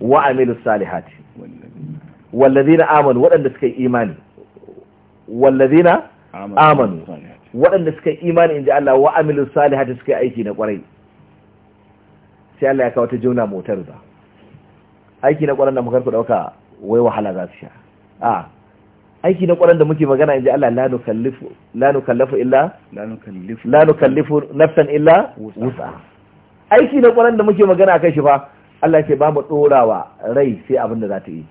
wa amilus salihati wal ladina amanu waɗanda suka imani wal ladina amanu waɗanda suka imani inda Allah wa amilus salihati suka aiki na ƙwarai sai Allah ya kawo ta jona motar da aiki na ƙwarai da muka ɗauka. wai wahala za su sha a aiki na ƙwarar da muke magana in ji Allah la nukallafu illa la kallafu nafsan illa wusa aiki na ƙwarar da muke magana kai shi fa Allah ce ba mu ɗorawa rai sai abin da za ta yi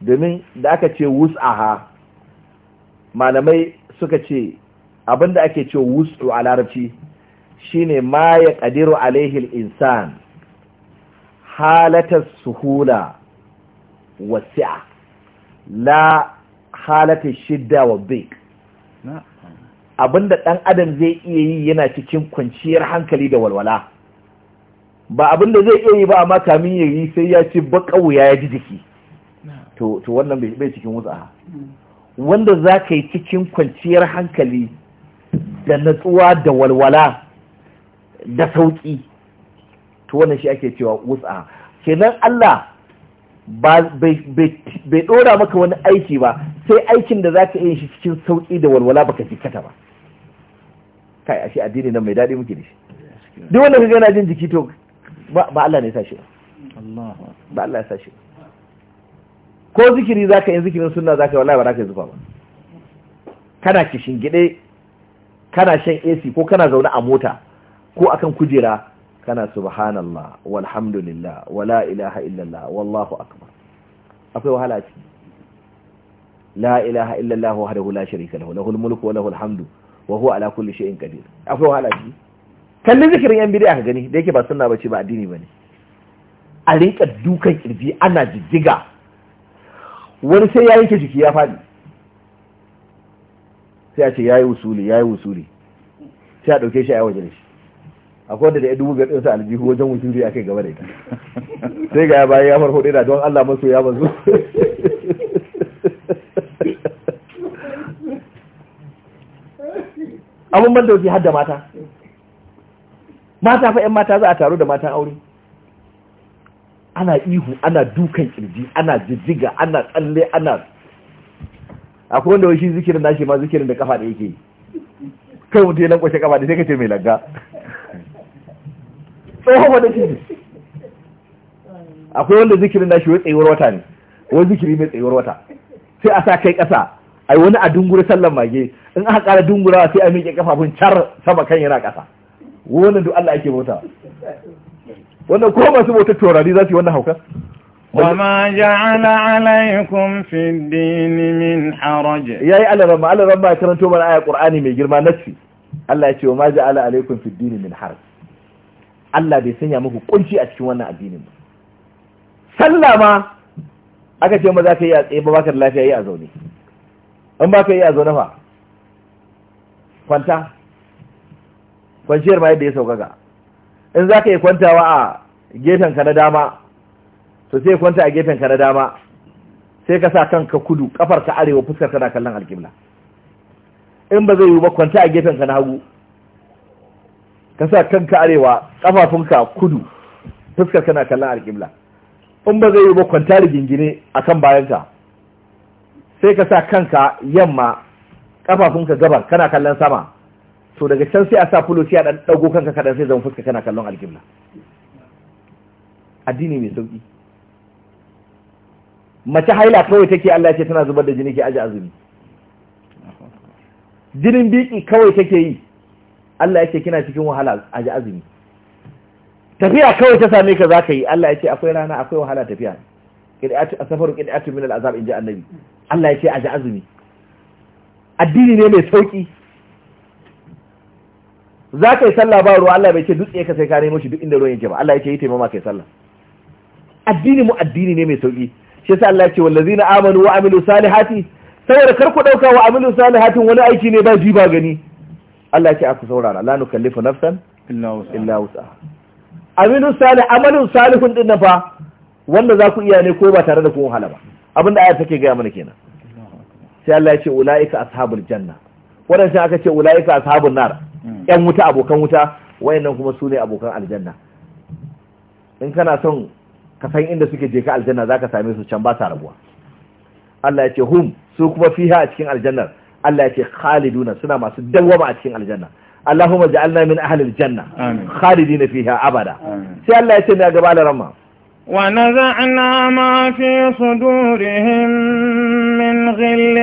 domin da aka ce wus'aha malamai suka ce abin da ake ce wus'u a larabci shine ma ya ƙadiru alaihil insan halatar suhula wasi'a la halata shidda wa bik abinda ɗan adam zai iya yi yana cikin kwanciyar hankali da walwala ba abinda zai iya yi ba amma kamin ya yi sai ya ci bakawu ya ji jiki to wannan bai cikin wutsa wanda za ka yi cikin kwanciyar hankali da natsuwa da walwala da sauki. to wannan shi ake cewa wutsa kenan Allah bai ɗora maka wani aiki ba sai aikin da za ka yi shi cikin sauƙi da walwala baka jikata ba kai ashe addini nan mai daɗi muke da shi duk wanda ka gana jin jiki to ba Allah ne ya sa shi ba Allah ya sa shi ko zikiri za ka yi zikirin suna za ka yi wallahi ba za ka yi zufa ba kana kishin gide kana shan AC ko kana zaune a mota ko akan kujera kana subhanallah walhamdulillah wala ilaha illallah wallahu akbar akwai wahala ciki la ilaha illallah wahdahu la sharika lahu lahul mulku wa lahul hamdu wa huwa ala kulli shay'in qadir akwai wahala ciki kallin zikirin yan bid'a ka gani da yake ba sunna bace ba addini bane a rinka dukan kirji ana jijjiga wani sai ya yanke jiki ya fadi sai a ce yayi usuli yayi usuli sai a dauke shi a yi wajen shi akwai wanda da ya dubu ɗinsa aljihu wajen wucin ya kai gaba da ita sai ga ya bayan ya farko da don Allah maso ya bazu abun ban dauki har da mata mata fa 'yan mata za a taru da matan aure ana ihu ana dukan kirji ana jijjiga ana tsalle ana akwai wanda wai shi zikirin nashi ma zikirin da kafa da yake yi kai mutu ya lankwashe kafa da sai ka ce mai lagga tsohon wanda shi akwai wanda zikirin nashi wai tsayuwar wata ne wani zikiri mai tsayuwar wata sai a sa kai ƙasa ai wani a dungure sallan mage in aka ƙara dungura sai a miƙe kafafun car sama kan yana ƙasa wannan duk Allah ake bauta wannan ko masu bautar taurari za su yi wannan hauka
وما جعل min haraj Ya من
Allah ramma, Allah ramma رما الله رما كرنتو من آية قرآني من جرما نتفي الله يقول وما جعل عليكم في الدين min haraj Allah bai sanya muku kunci a cikin wannan addinin ba sallah ma aka ce maza ka yi a tsaye ba baka da lafiya yi a zaune in ba ka yi a zaune fa kwanta kwanciyar ma yadda ya saukaka in za ka yi kwantawa a gefen ka na dama to sai kwanta a gefen ka na dama sai ka sa kanka kudu kafar ka arewa fuskar kana kallon alkibla in ba zai yi ba kwanta a gefen ka na hagu ka sa kanka arewa kafafunka kudu fuskar kana kallon alƙibla in ba zai yi ba kwanta gingine a kan bayanka sai ka sa kanka yamma kafafunka gabar kana kallon sama to daga can sai a sa fuloci a dan dago kanka kaɗan sai zama fuska kana kallon alƙibla addini mai sauƙi mace haila kawai take Allah ce tana zubar da jini ke aji azumi jinin biki kawai take yi Allah ya ce kina cikin wahala a ji azumi tafiya kawai ta same ka zaka yi Allah ya ce akwai rana akwai wahala tafiya kidatu asafaru kidatu min al'azab ji annabi Allah ya ce a ji azumi addini ne mai sauki zaka yi sallah ba ruwa Allah bai ce dutse ka sai ka nemo shi duk inda ruwan yake ba Allah ya ce yi taimama kai sallah addini mu addini ne mai sauki shi yasa Allah ya ce wallazina amanu wa amilu salihati saboda kar ku dauka wa amilu salihatin wani aiki ne ba ji ba gani Allah ya ce aka saurara la nukallifu nafsan illa wusa aminu salih amalin salihun din fa wanda za ku iya ne ko ba tare da kun halaba ba abinda aya take gaya mana kenan sai Allah ya ce ulaika ashabul janna sai aka ce ulaika ashabun nar hmm. yan wuta abokan wuta wayannan kuma su ne abokan aljanna in kana son ka san inda suke je ka aljanna zaka same su can ba sa rabuwa Allah ya ce hum su kuma fiha a cikin aljannar Allah ya ce khaliduna suna masu dawwama a cikin aljanna Allahumma ja'alna min ahli janna khalidina fiha abada sai Allah ya ce na gaba da rama
ونزعنا ما في min من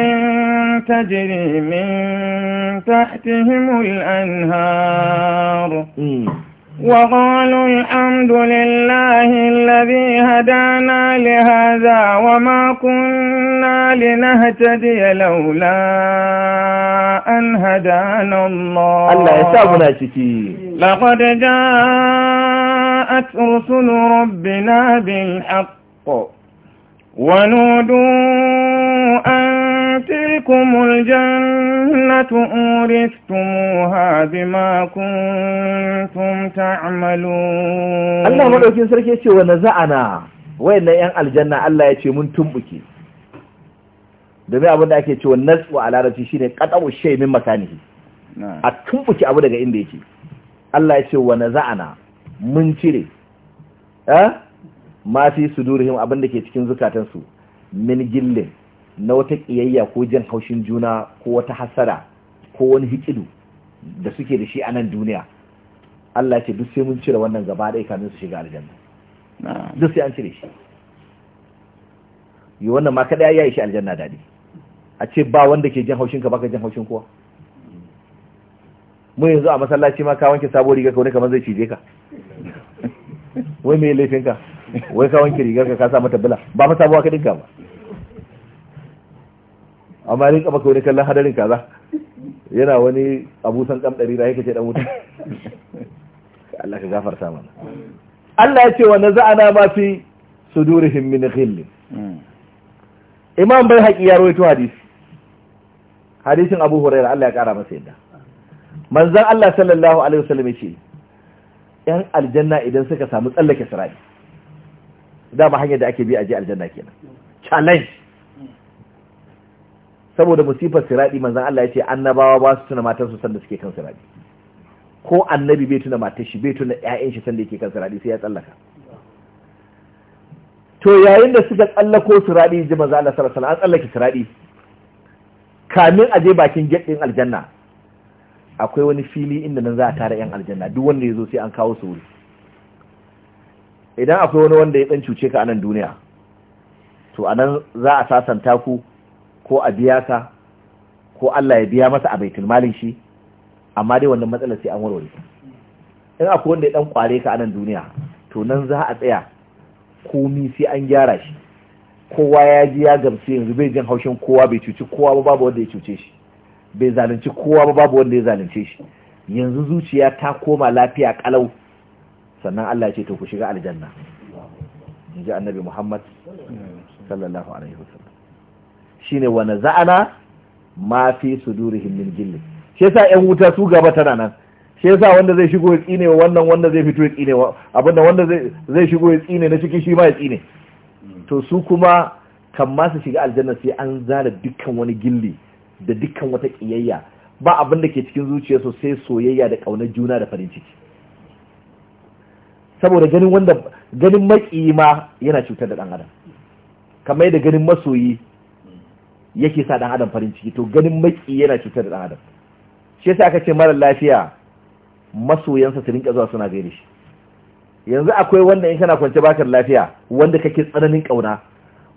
ta تجري من تحتهم الأنهار وقالوا الحمد لله الذي هدانا لهذا وما كنا لنهتدي لولا أن هدانا الله الله يسابنا
شكي
لقد جاءت رسل ربنا بالحق ونودوا تلكم الجنة أورثتموها بما كنتم تعملون
الله ما دوكين سركي يشي ونزعنا وين ين الجنة الله يشي من تمبكي domin abin da ake cewa nasu a larabci shine qat'u min makanihi a tumbuki abu daga inda yake Allah ya ce wa naza'ana mun cire eh ma fi sudurihim abin da ke cikin zukatansu min gillin na wata ƙiyayya ko jin haushin juna ko wata hasara ko wani hikidu da suke da shi a nan duniya Allah ce duk sai mun cire wannan gaba ɗaya kamin su shiga aljanna duk sai an cire shi yi wannan ma kaɗaya ya yi shi aljanna daɗi a ce ba wanda ke jin ka baka jin haushin kowa mu yanzu a masallaci ma ka wanke sabo riga ka wani kamar zai cije ka wai me ka? wai ka wanke rigar ka ka sa mata bula ba fa sabuwa ka dinka ba amma rinka maka wani kallon hadarin kaza yana wani abusan kam ɗari da yake ce ɗan wuta Allah ka gafarta mana Allah ya ce wa naza'ana ma fi sudurihim min ghillin Imam bai haƙi ya rawaito hadisi hadisin Abu huraira Allah ya kara masa yadda manzon Allah sallallahu alaihi wasallam ya ce ‘yan aljanna idan suka samu tsallake sirari dama hanyar da ake bi a je aljanna kenan challenge saboda musifar siradi manzan Allah ya ce annabawa ba su tuna matansu sanda suke kan siradi ko annabi bai tuna matar shi bai tuna ƴaƴan shi sanda yake kan siradi sai ya tsallaka to yayin da suka tsallako siradi ji manzan Allah sallallahu alaihi wasallam an tsallake siradi kamin a je bakin gate aljanna akwai wani fili inda nan za a tara yan aljanna duk wanda ya zo sai an kawo su wuri idan akwai wani wanda ya dan cuce ka a nan duniya to anan za a sasanta ku ko a biya sa ko Allah ya biya masa a baitul malin shi amma dai wannan matsalar sai an warware in akwai wanda ya dan kware ka a nan duniya to nan za a tsaya komi sai an gyara shi kowa ya ji ya gamsu yanzu bai jin haushin kowa bai cuci kowa ba babu wanda ya cuce shi bai zalunci kowa ba babu wanda ya zalunce shi yanzu zuciya ta koma lafiya kalau sannan Allah ya ce to ku shiga aljanna inji annabi Muhammad sallallahu alaihi wasallam Shi ne wani za'ana ma fi duri himmin gilli shi yasa yan wuta su gaba tana nan shi yasa wanda zai shigo ya tsine wannan wanda zai fito ya tsine abinda wanda zai shigo ya tsine na cikin shi ma ya tsine to su kuma kan ma su shiga aljanna sai an zara dukkan wani gilli da dukkan wata kiyayya ba abin da ke cikin su sai soyayya da kaunar juna da farin ciki saboda ganin wanda ganin maƙi ma yana cutar da ɗan adam kamar yadda ganin masoyi yake sa dan adam farin ciki to ganin maki yana cutar da dan adam shi yasa aka ce mara lafiya masoyansa su rinka zuwa suna gaire shi yanzu akwai wanda in kana kwance bakar lafiya wanda kake tsananin kauna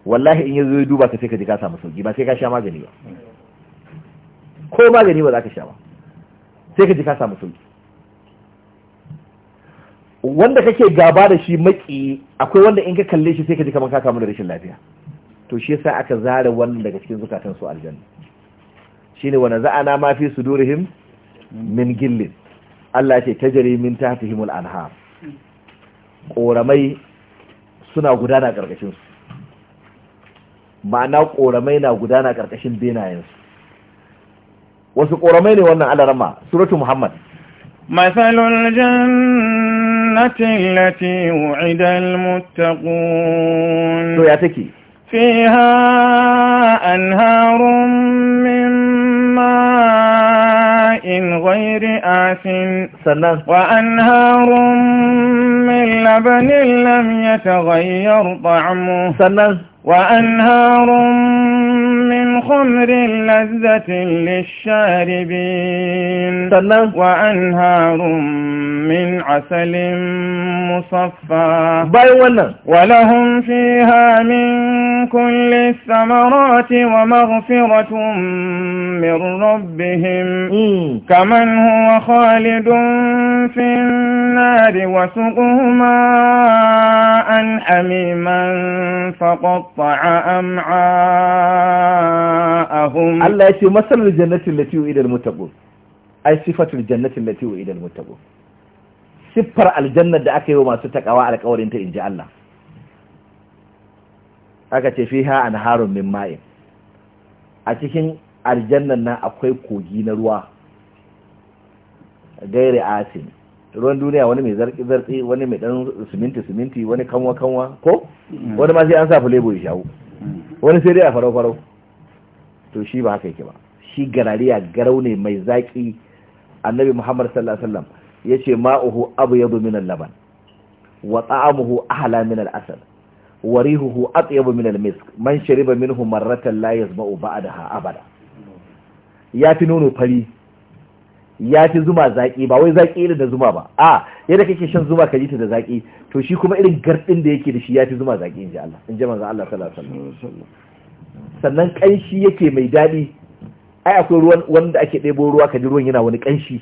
wallahi in yazo ya duba ka sai ka ji ka samu sauki ba sai ka sha magani ba ko magani ba za ka sha ba sai ka ji ka samu sauki wanda kake gaba da shi maki akwai wanda in ka kalle shi sai ka ji kamar ka kamu da rashin lafiya to shi yasa aka zare wannan daga cikin zukatan su aljanna shine wa naza'ana ma fi sudurihim min gillin Allah ce tajri min tahtihim al-anhar Ƙoramai suna gudana karkashin su ma'ana ƙoramai na gudana karkashin benayen su wasu ƙoramai ne wannan alarama suratu muhammad
masalul jannati allati wu'ida al to ya take فيها أنهار من ماء غير آس وأنهار من لبن لم يتغير طعمه وأنهار من خمر لذة للشاربين وأنهار من عسل مصفى ولهم فيها من كل الثمرات ومغفرة من ربهم كمن هو خالد في النار وسقه ماء حميما
فقط قطع أمعاءهم الله يشي مثل الجنة التي وعد المتقون أي صفة الجنة التي وعد المتقون siffar aljannar da aka yi wa masu takawa alkawarinta in ji Allah aka ce fi ha an min ma'in a cikin aljannan nan akwai kogi na ruwa gairi asin ruwan duniya wani mai zarki zarki wani mai dan siminti siminti wani kanwa kanwa ko wani ma sai an sa fulebo ya shawo wani sai dai a farau farau to shi ba haka yake ba shi garariya garau ne mai zaki annabi muhammad sallallahu alaihi wasallam yace ma'uhu yadu min al-laban wa ta'amuhu ahla min al-asal wa rihuhu atyabu min al-misk man shariba minhu marratan la yazma'u ba'daha abada ya fi nono fari ya fi zuma zaƙi ba wai zaƙi irin da zuma ba a yadda kake shan zuma ka ji ta da zaƙi to shi kuma irin garɗin da yake da shi ya fi zuma zaƙi in ji Allah in ji manzo Allah sallallahu alaihi wasallam sannan ƙanshi yake mai daɗi ai akwai ruwan wanda ake ɗebo ruwa ka ji ruwan yana wani ƙanshi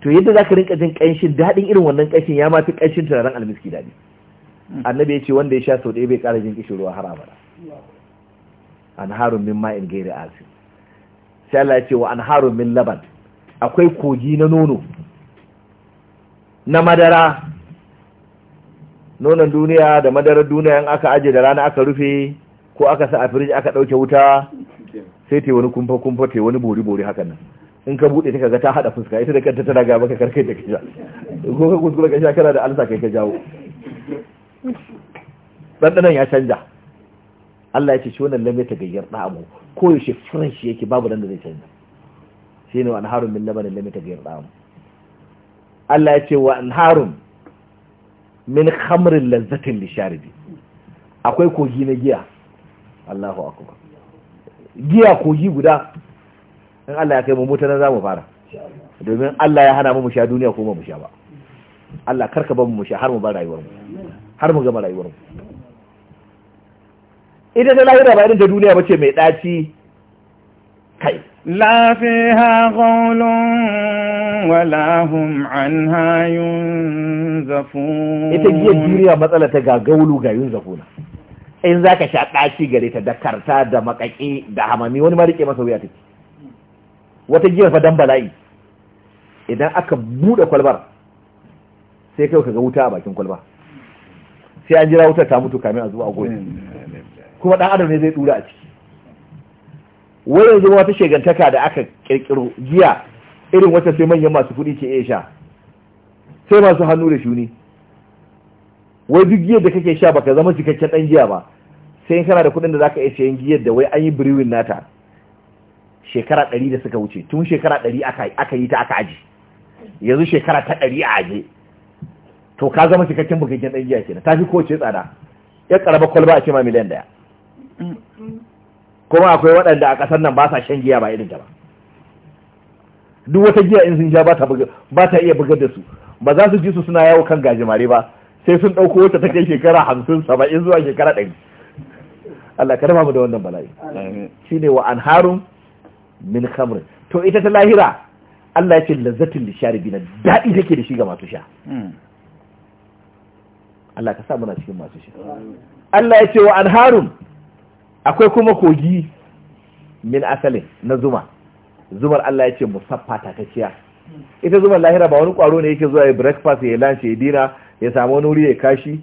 to yadda za ka rinka jin ƙanshin daɗin irin wannan ƙanshin ya ma fi kanshin turaren almiski daɗi annabi ya ce wanda ya sha sau ɗaya bai ƙara jin kishin ruwa har abada an harumin min ma'in gairi asin sai Allah ya ce wa an min laban akwai kogi na nono na madara nonon duniya da madarar duniya in aka aje da rana aka rufe ko aka sa a firij aka ɗauke wuta sai te wani kumfa-kumfa te wani bori-bori hakan nan in ka buɗe ta kaga ta haɗa fuska ita da kanta tana gaba ka karkai da kasha ko ka kuskura sha kana da alsa kai ka jawo ɗanɗanon ya canja Allah ya ce shi wannan lamme ta gayyar ɗa'amu ko yaushe fresh yake babu nan da zai canja ne wa anharun min labanin lam yataghayyar da'am Allah ya ce wa anharun min khamrin lazzatin lisharibi akwai kogi na giya Allahu akbar giya kogi guda in Allah ya kai mu mutane za mu fara domin Allah ya hana mu mu sha duniya ko mu sha ba Allah karka ba mu mu sha har mu ba rayuwar mu har mu gama rayuwar mu Idan ta lahira ba irin ta duniya bace mai daci kai
لا فيها غول ولا هم عنها
ينزفون ita giyar duniya matsala ta ga gaulu ga yunzafuna in zaka sha ɗaci gare ta da karta da makaki da hamami wani ma rike masa wuya take wata giyar fa dan bala'i idan aka bude kwalbar sai kai ka ga wuta a bakin kwalba sai an jira wutar ta mutu kamin a zuwa gobe kuma dan adam ne zai dura a ciki wai yanzu wata shegantaka da aka kirkiro giya irin wata sai manyan masu kuɗi ke iya sha sai masu hannu da shuni wai duk giyar da kake sha baka zama cikakken dan giya ba sai kana da kuɗin da zaka iya sayan giyar da wai an yi brewing nata shekara ɗari da suka wuce tun shekara ɗari aka yi ta aka aji yanzu shekara ta ɗari a aje to ka zama cikakken bukakken ɗan giya kenan ta fi kowace tsada ya karaba kwalba a ce ma miliyan ɗaya kuma akwai waɗanda a ƙasar nan ba sa shan giya ba irin ta ba duk wata giya in sun sha ba ta iya bugar da su ba za su ji su suna yawo kan gajimare ba sai sun ɗauko wata ta kai shekara hamsin saba'in zuwa shekara ɗari Allah ka rama mu da wannan bala'i ne wa anharun min khamr to ita ta lahira Allah ya ce lazzatin lisharibina daɗi take da shi ga masu sha hmm. Allah ka sa muna cikin masu sha Allah ya ce wa anharun akwai kuma kogi min asalin na zuma zumar Allah ya ce musaffa takaciya ita zumar lahira ba wani kwaro ne yake zuwa ya breakfast ya lunch ya dina ya samu wani wuri ya kashi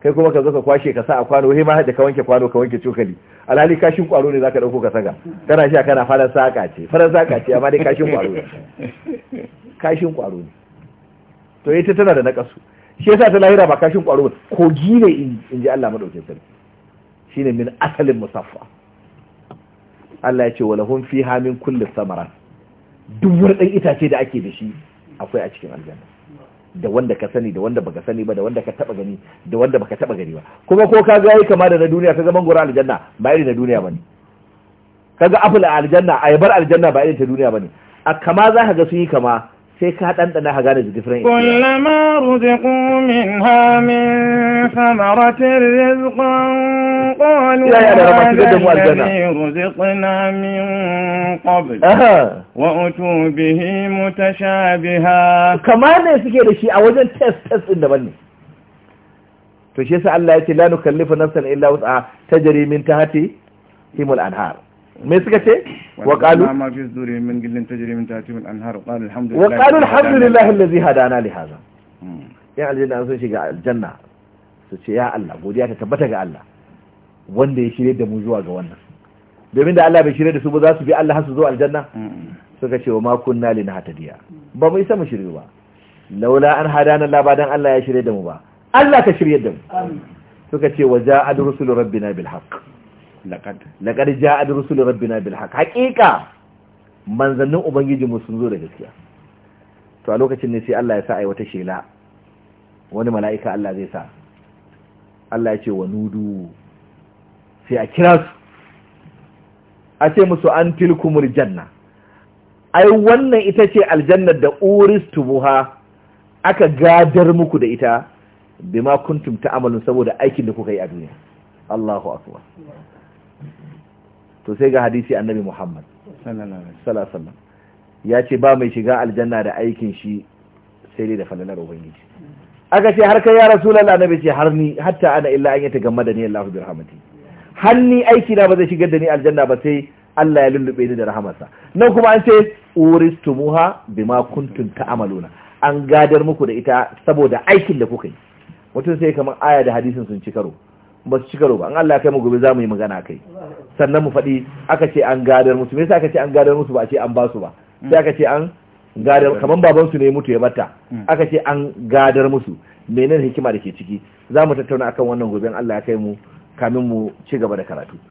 kai kuma ka zo ka kwashe ka sa a kwano wai ma da ka wanke kwano ka wanke cokali alhali kashin kwaro ne zaka dauko ka saka kana sha kana farar saka ce farar saka ce amma dai kashin kwaro ne kashin kwaro ne to ita tana da nakasu shi yasa ta lahira ba kashin kwaro kogi ne in ji Allah madaukakin sarki shine min asalin musaffa Allah ya ce wa lahum fiha min kulli thamarat duk wani dan itace da ake da shi akwai a cikin aljanna da wanda ka sani da wanda baka sani ba da wanda ka taba gani da wanda baka taba gani ba kuma ko ka ga yayi kama da na duniya ka ga gura aljanna ba irin na duniya bane kaga apple aljanna ayabar aljanna ba irin ta duniya bane a kama za ka ga su yi kama sai ka ɗanɗana ha gane different
kullama ruziqu minha min samaratin rizqan qalu alladhi ruziqna min qabl
wa utu bihi mutashabiha kama ne suke da shi a wajen test test din daban ne to shi sa Allah ya ce la nukallifu nafsan illa wus'aha tajri min tahti himul anhar me suka ce wa qalu
ma fi sudurihim
min gillin tajri min tahtihim al-anhar qalu alhamdulillah wa qalu alhamdulillah alladhi hadana li hadha hmm. ya aljanna sun shiga aljanna su ce ya Allah godiya ta tabbata ga Allah wanda ya shirye da mu zuwa ga wannan domin da Allah bai shirye da su ba za su bi Allah har su zo aljanna hmm. suka ce wa ma kunna linahtadiya ba mu isa mu shirye ba laula an hadana Allah ba dan Allah ya shirye da mu ba Allah ka shirye da mu suka ce wa ja'a rusulu rabbina bil haqq laqad laqad ja'a rabbina bil haqq haqiqa manzannin ubangiji mu sun zo da gaskiya to a lokacin ne sai Allah ya sa ai wata shela wani mala'ika Allah zai sa Allah ya ce wa nudu sai a kira su a ce musu an tilkumul janna ai wannan ita ce aljannar da buha aka gadar muku da ita bima kuntum amalin saboda aikin da kuka yi a duniya Allahu akbar to sai ga hadisi annabi Muhammad sallallahu alaihi ya ce ba mai shiga aljanna da aikin shi sai dai da falalar ubangiji aka ce har kai ya rasulullah annabi ce har ni hatta ana illa an yata gamma da ni Allah bi rahmati har ni aiki na ba zai shigar da ni aljanna ba sai Allah ya lullube ni da rahamarsa nan kuma an ce uristumuha bima kuntum ta'maluna an gadar muku da ita saboda aikin da kuka yi mutum sai kamar aya da hadisin sun ci karo ba su cika ba an Allah ya kai mu gobe za mu yi magana kai sannan mu faɗi aka ce an gadar musu me yasa aka ce an gadar musu ba a ce an ba su ba sai aka ce an gadar kaman baban su ne mutu ya bata mm. aka ce an gadar musu menene hikima da ke ciki za mu tattauna akan wannan gobe an Allah ya kai mu kamin mu ci gaba da karatu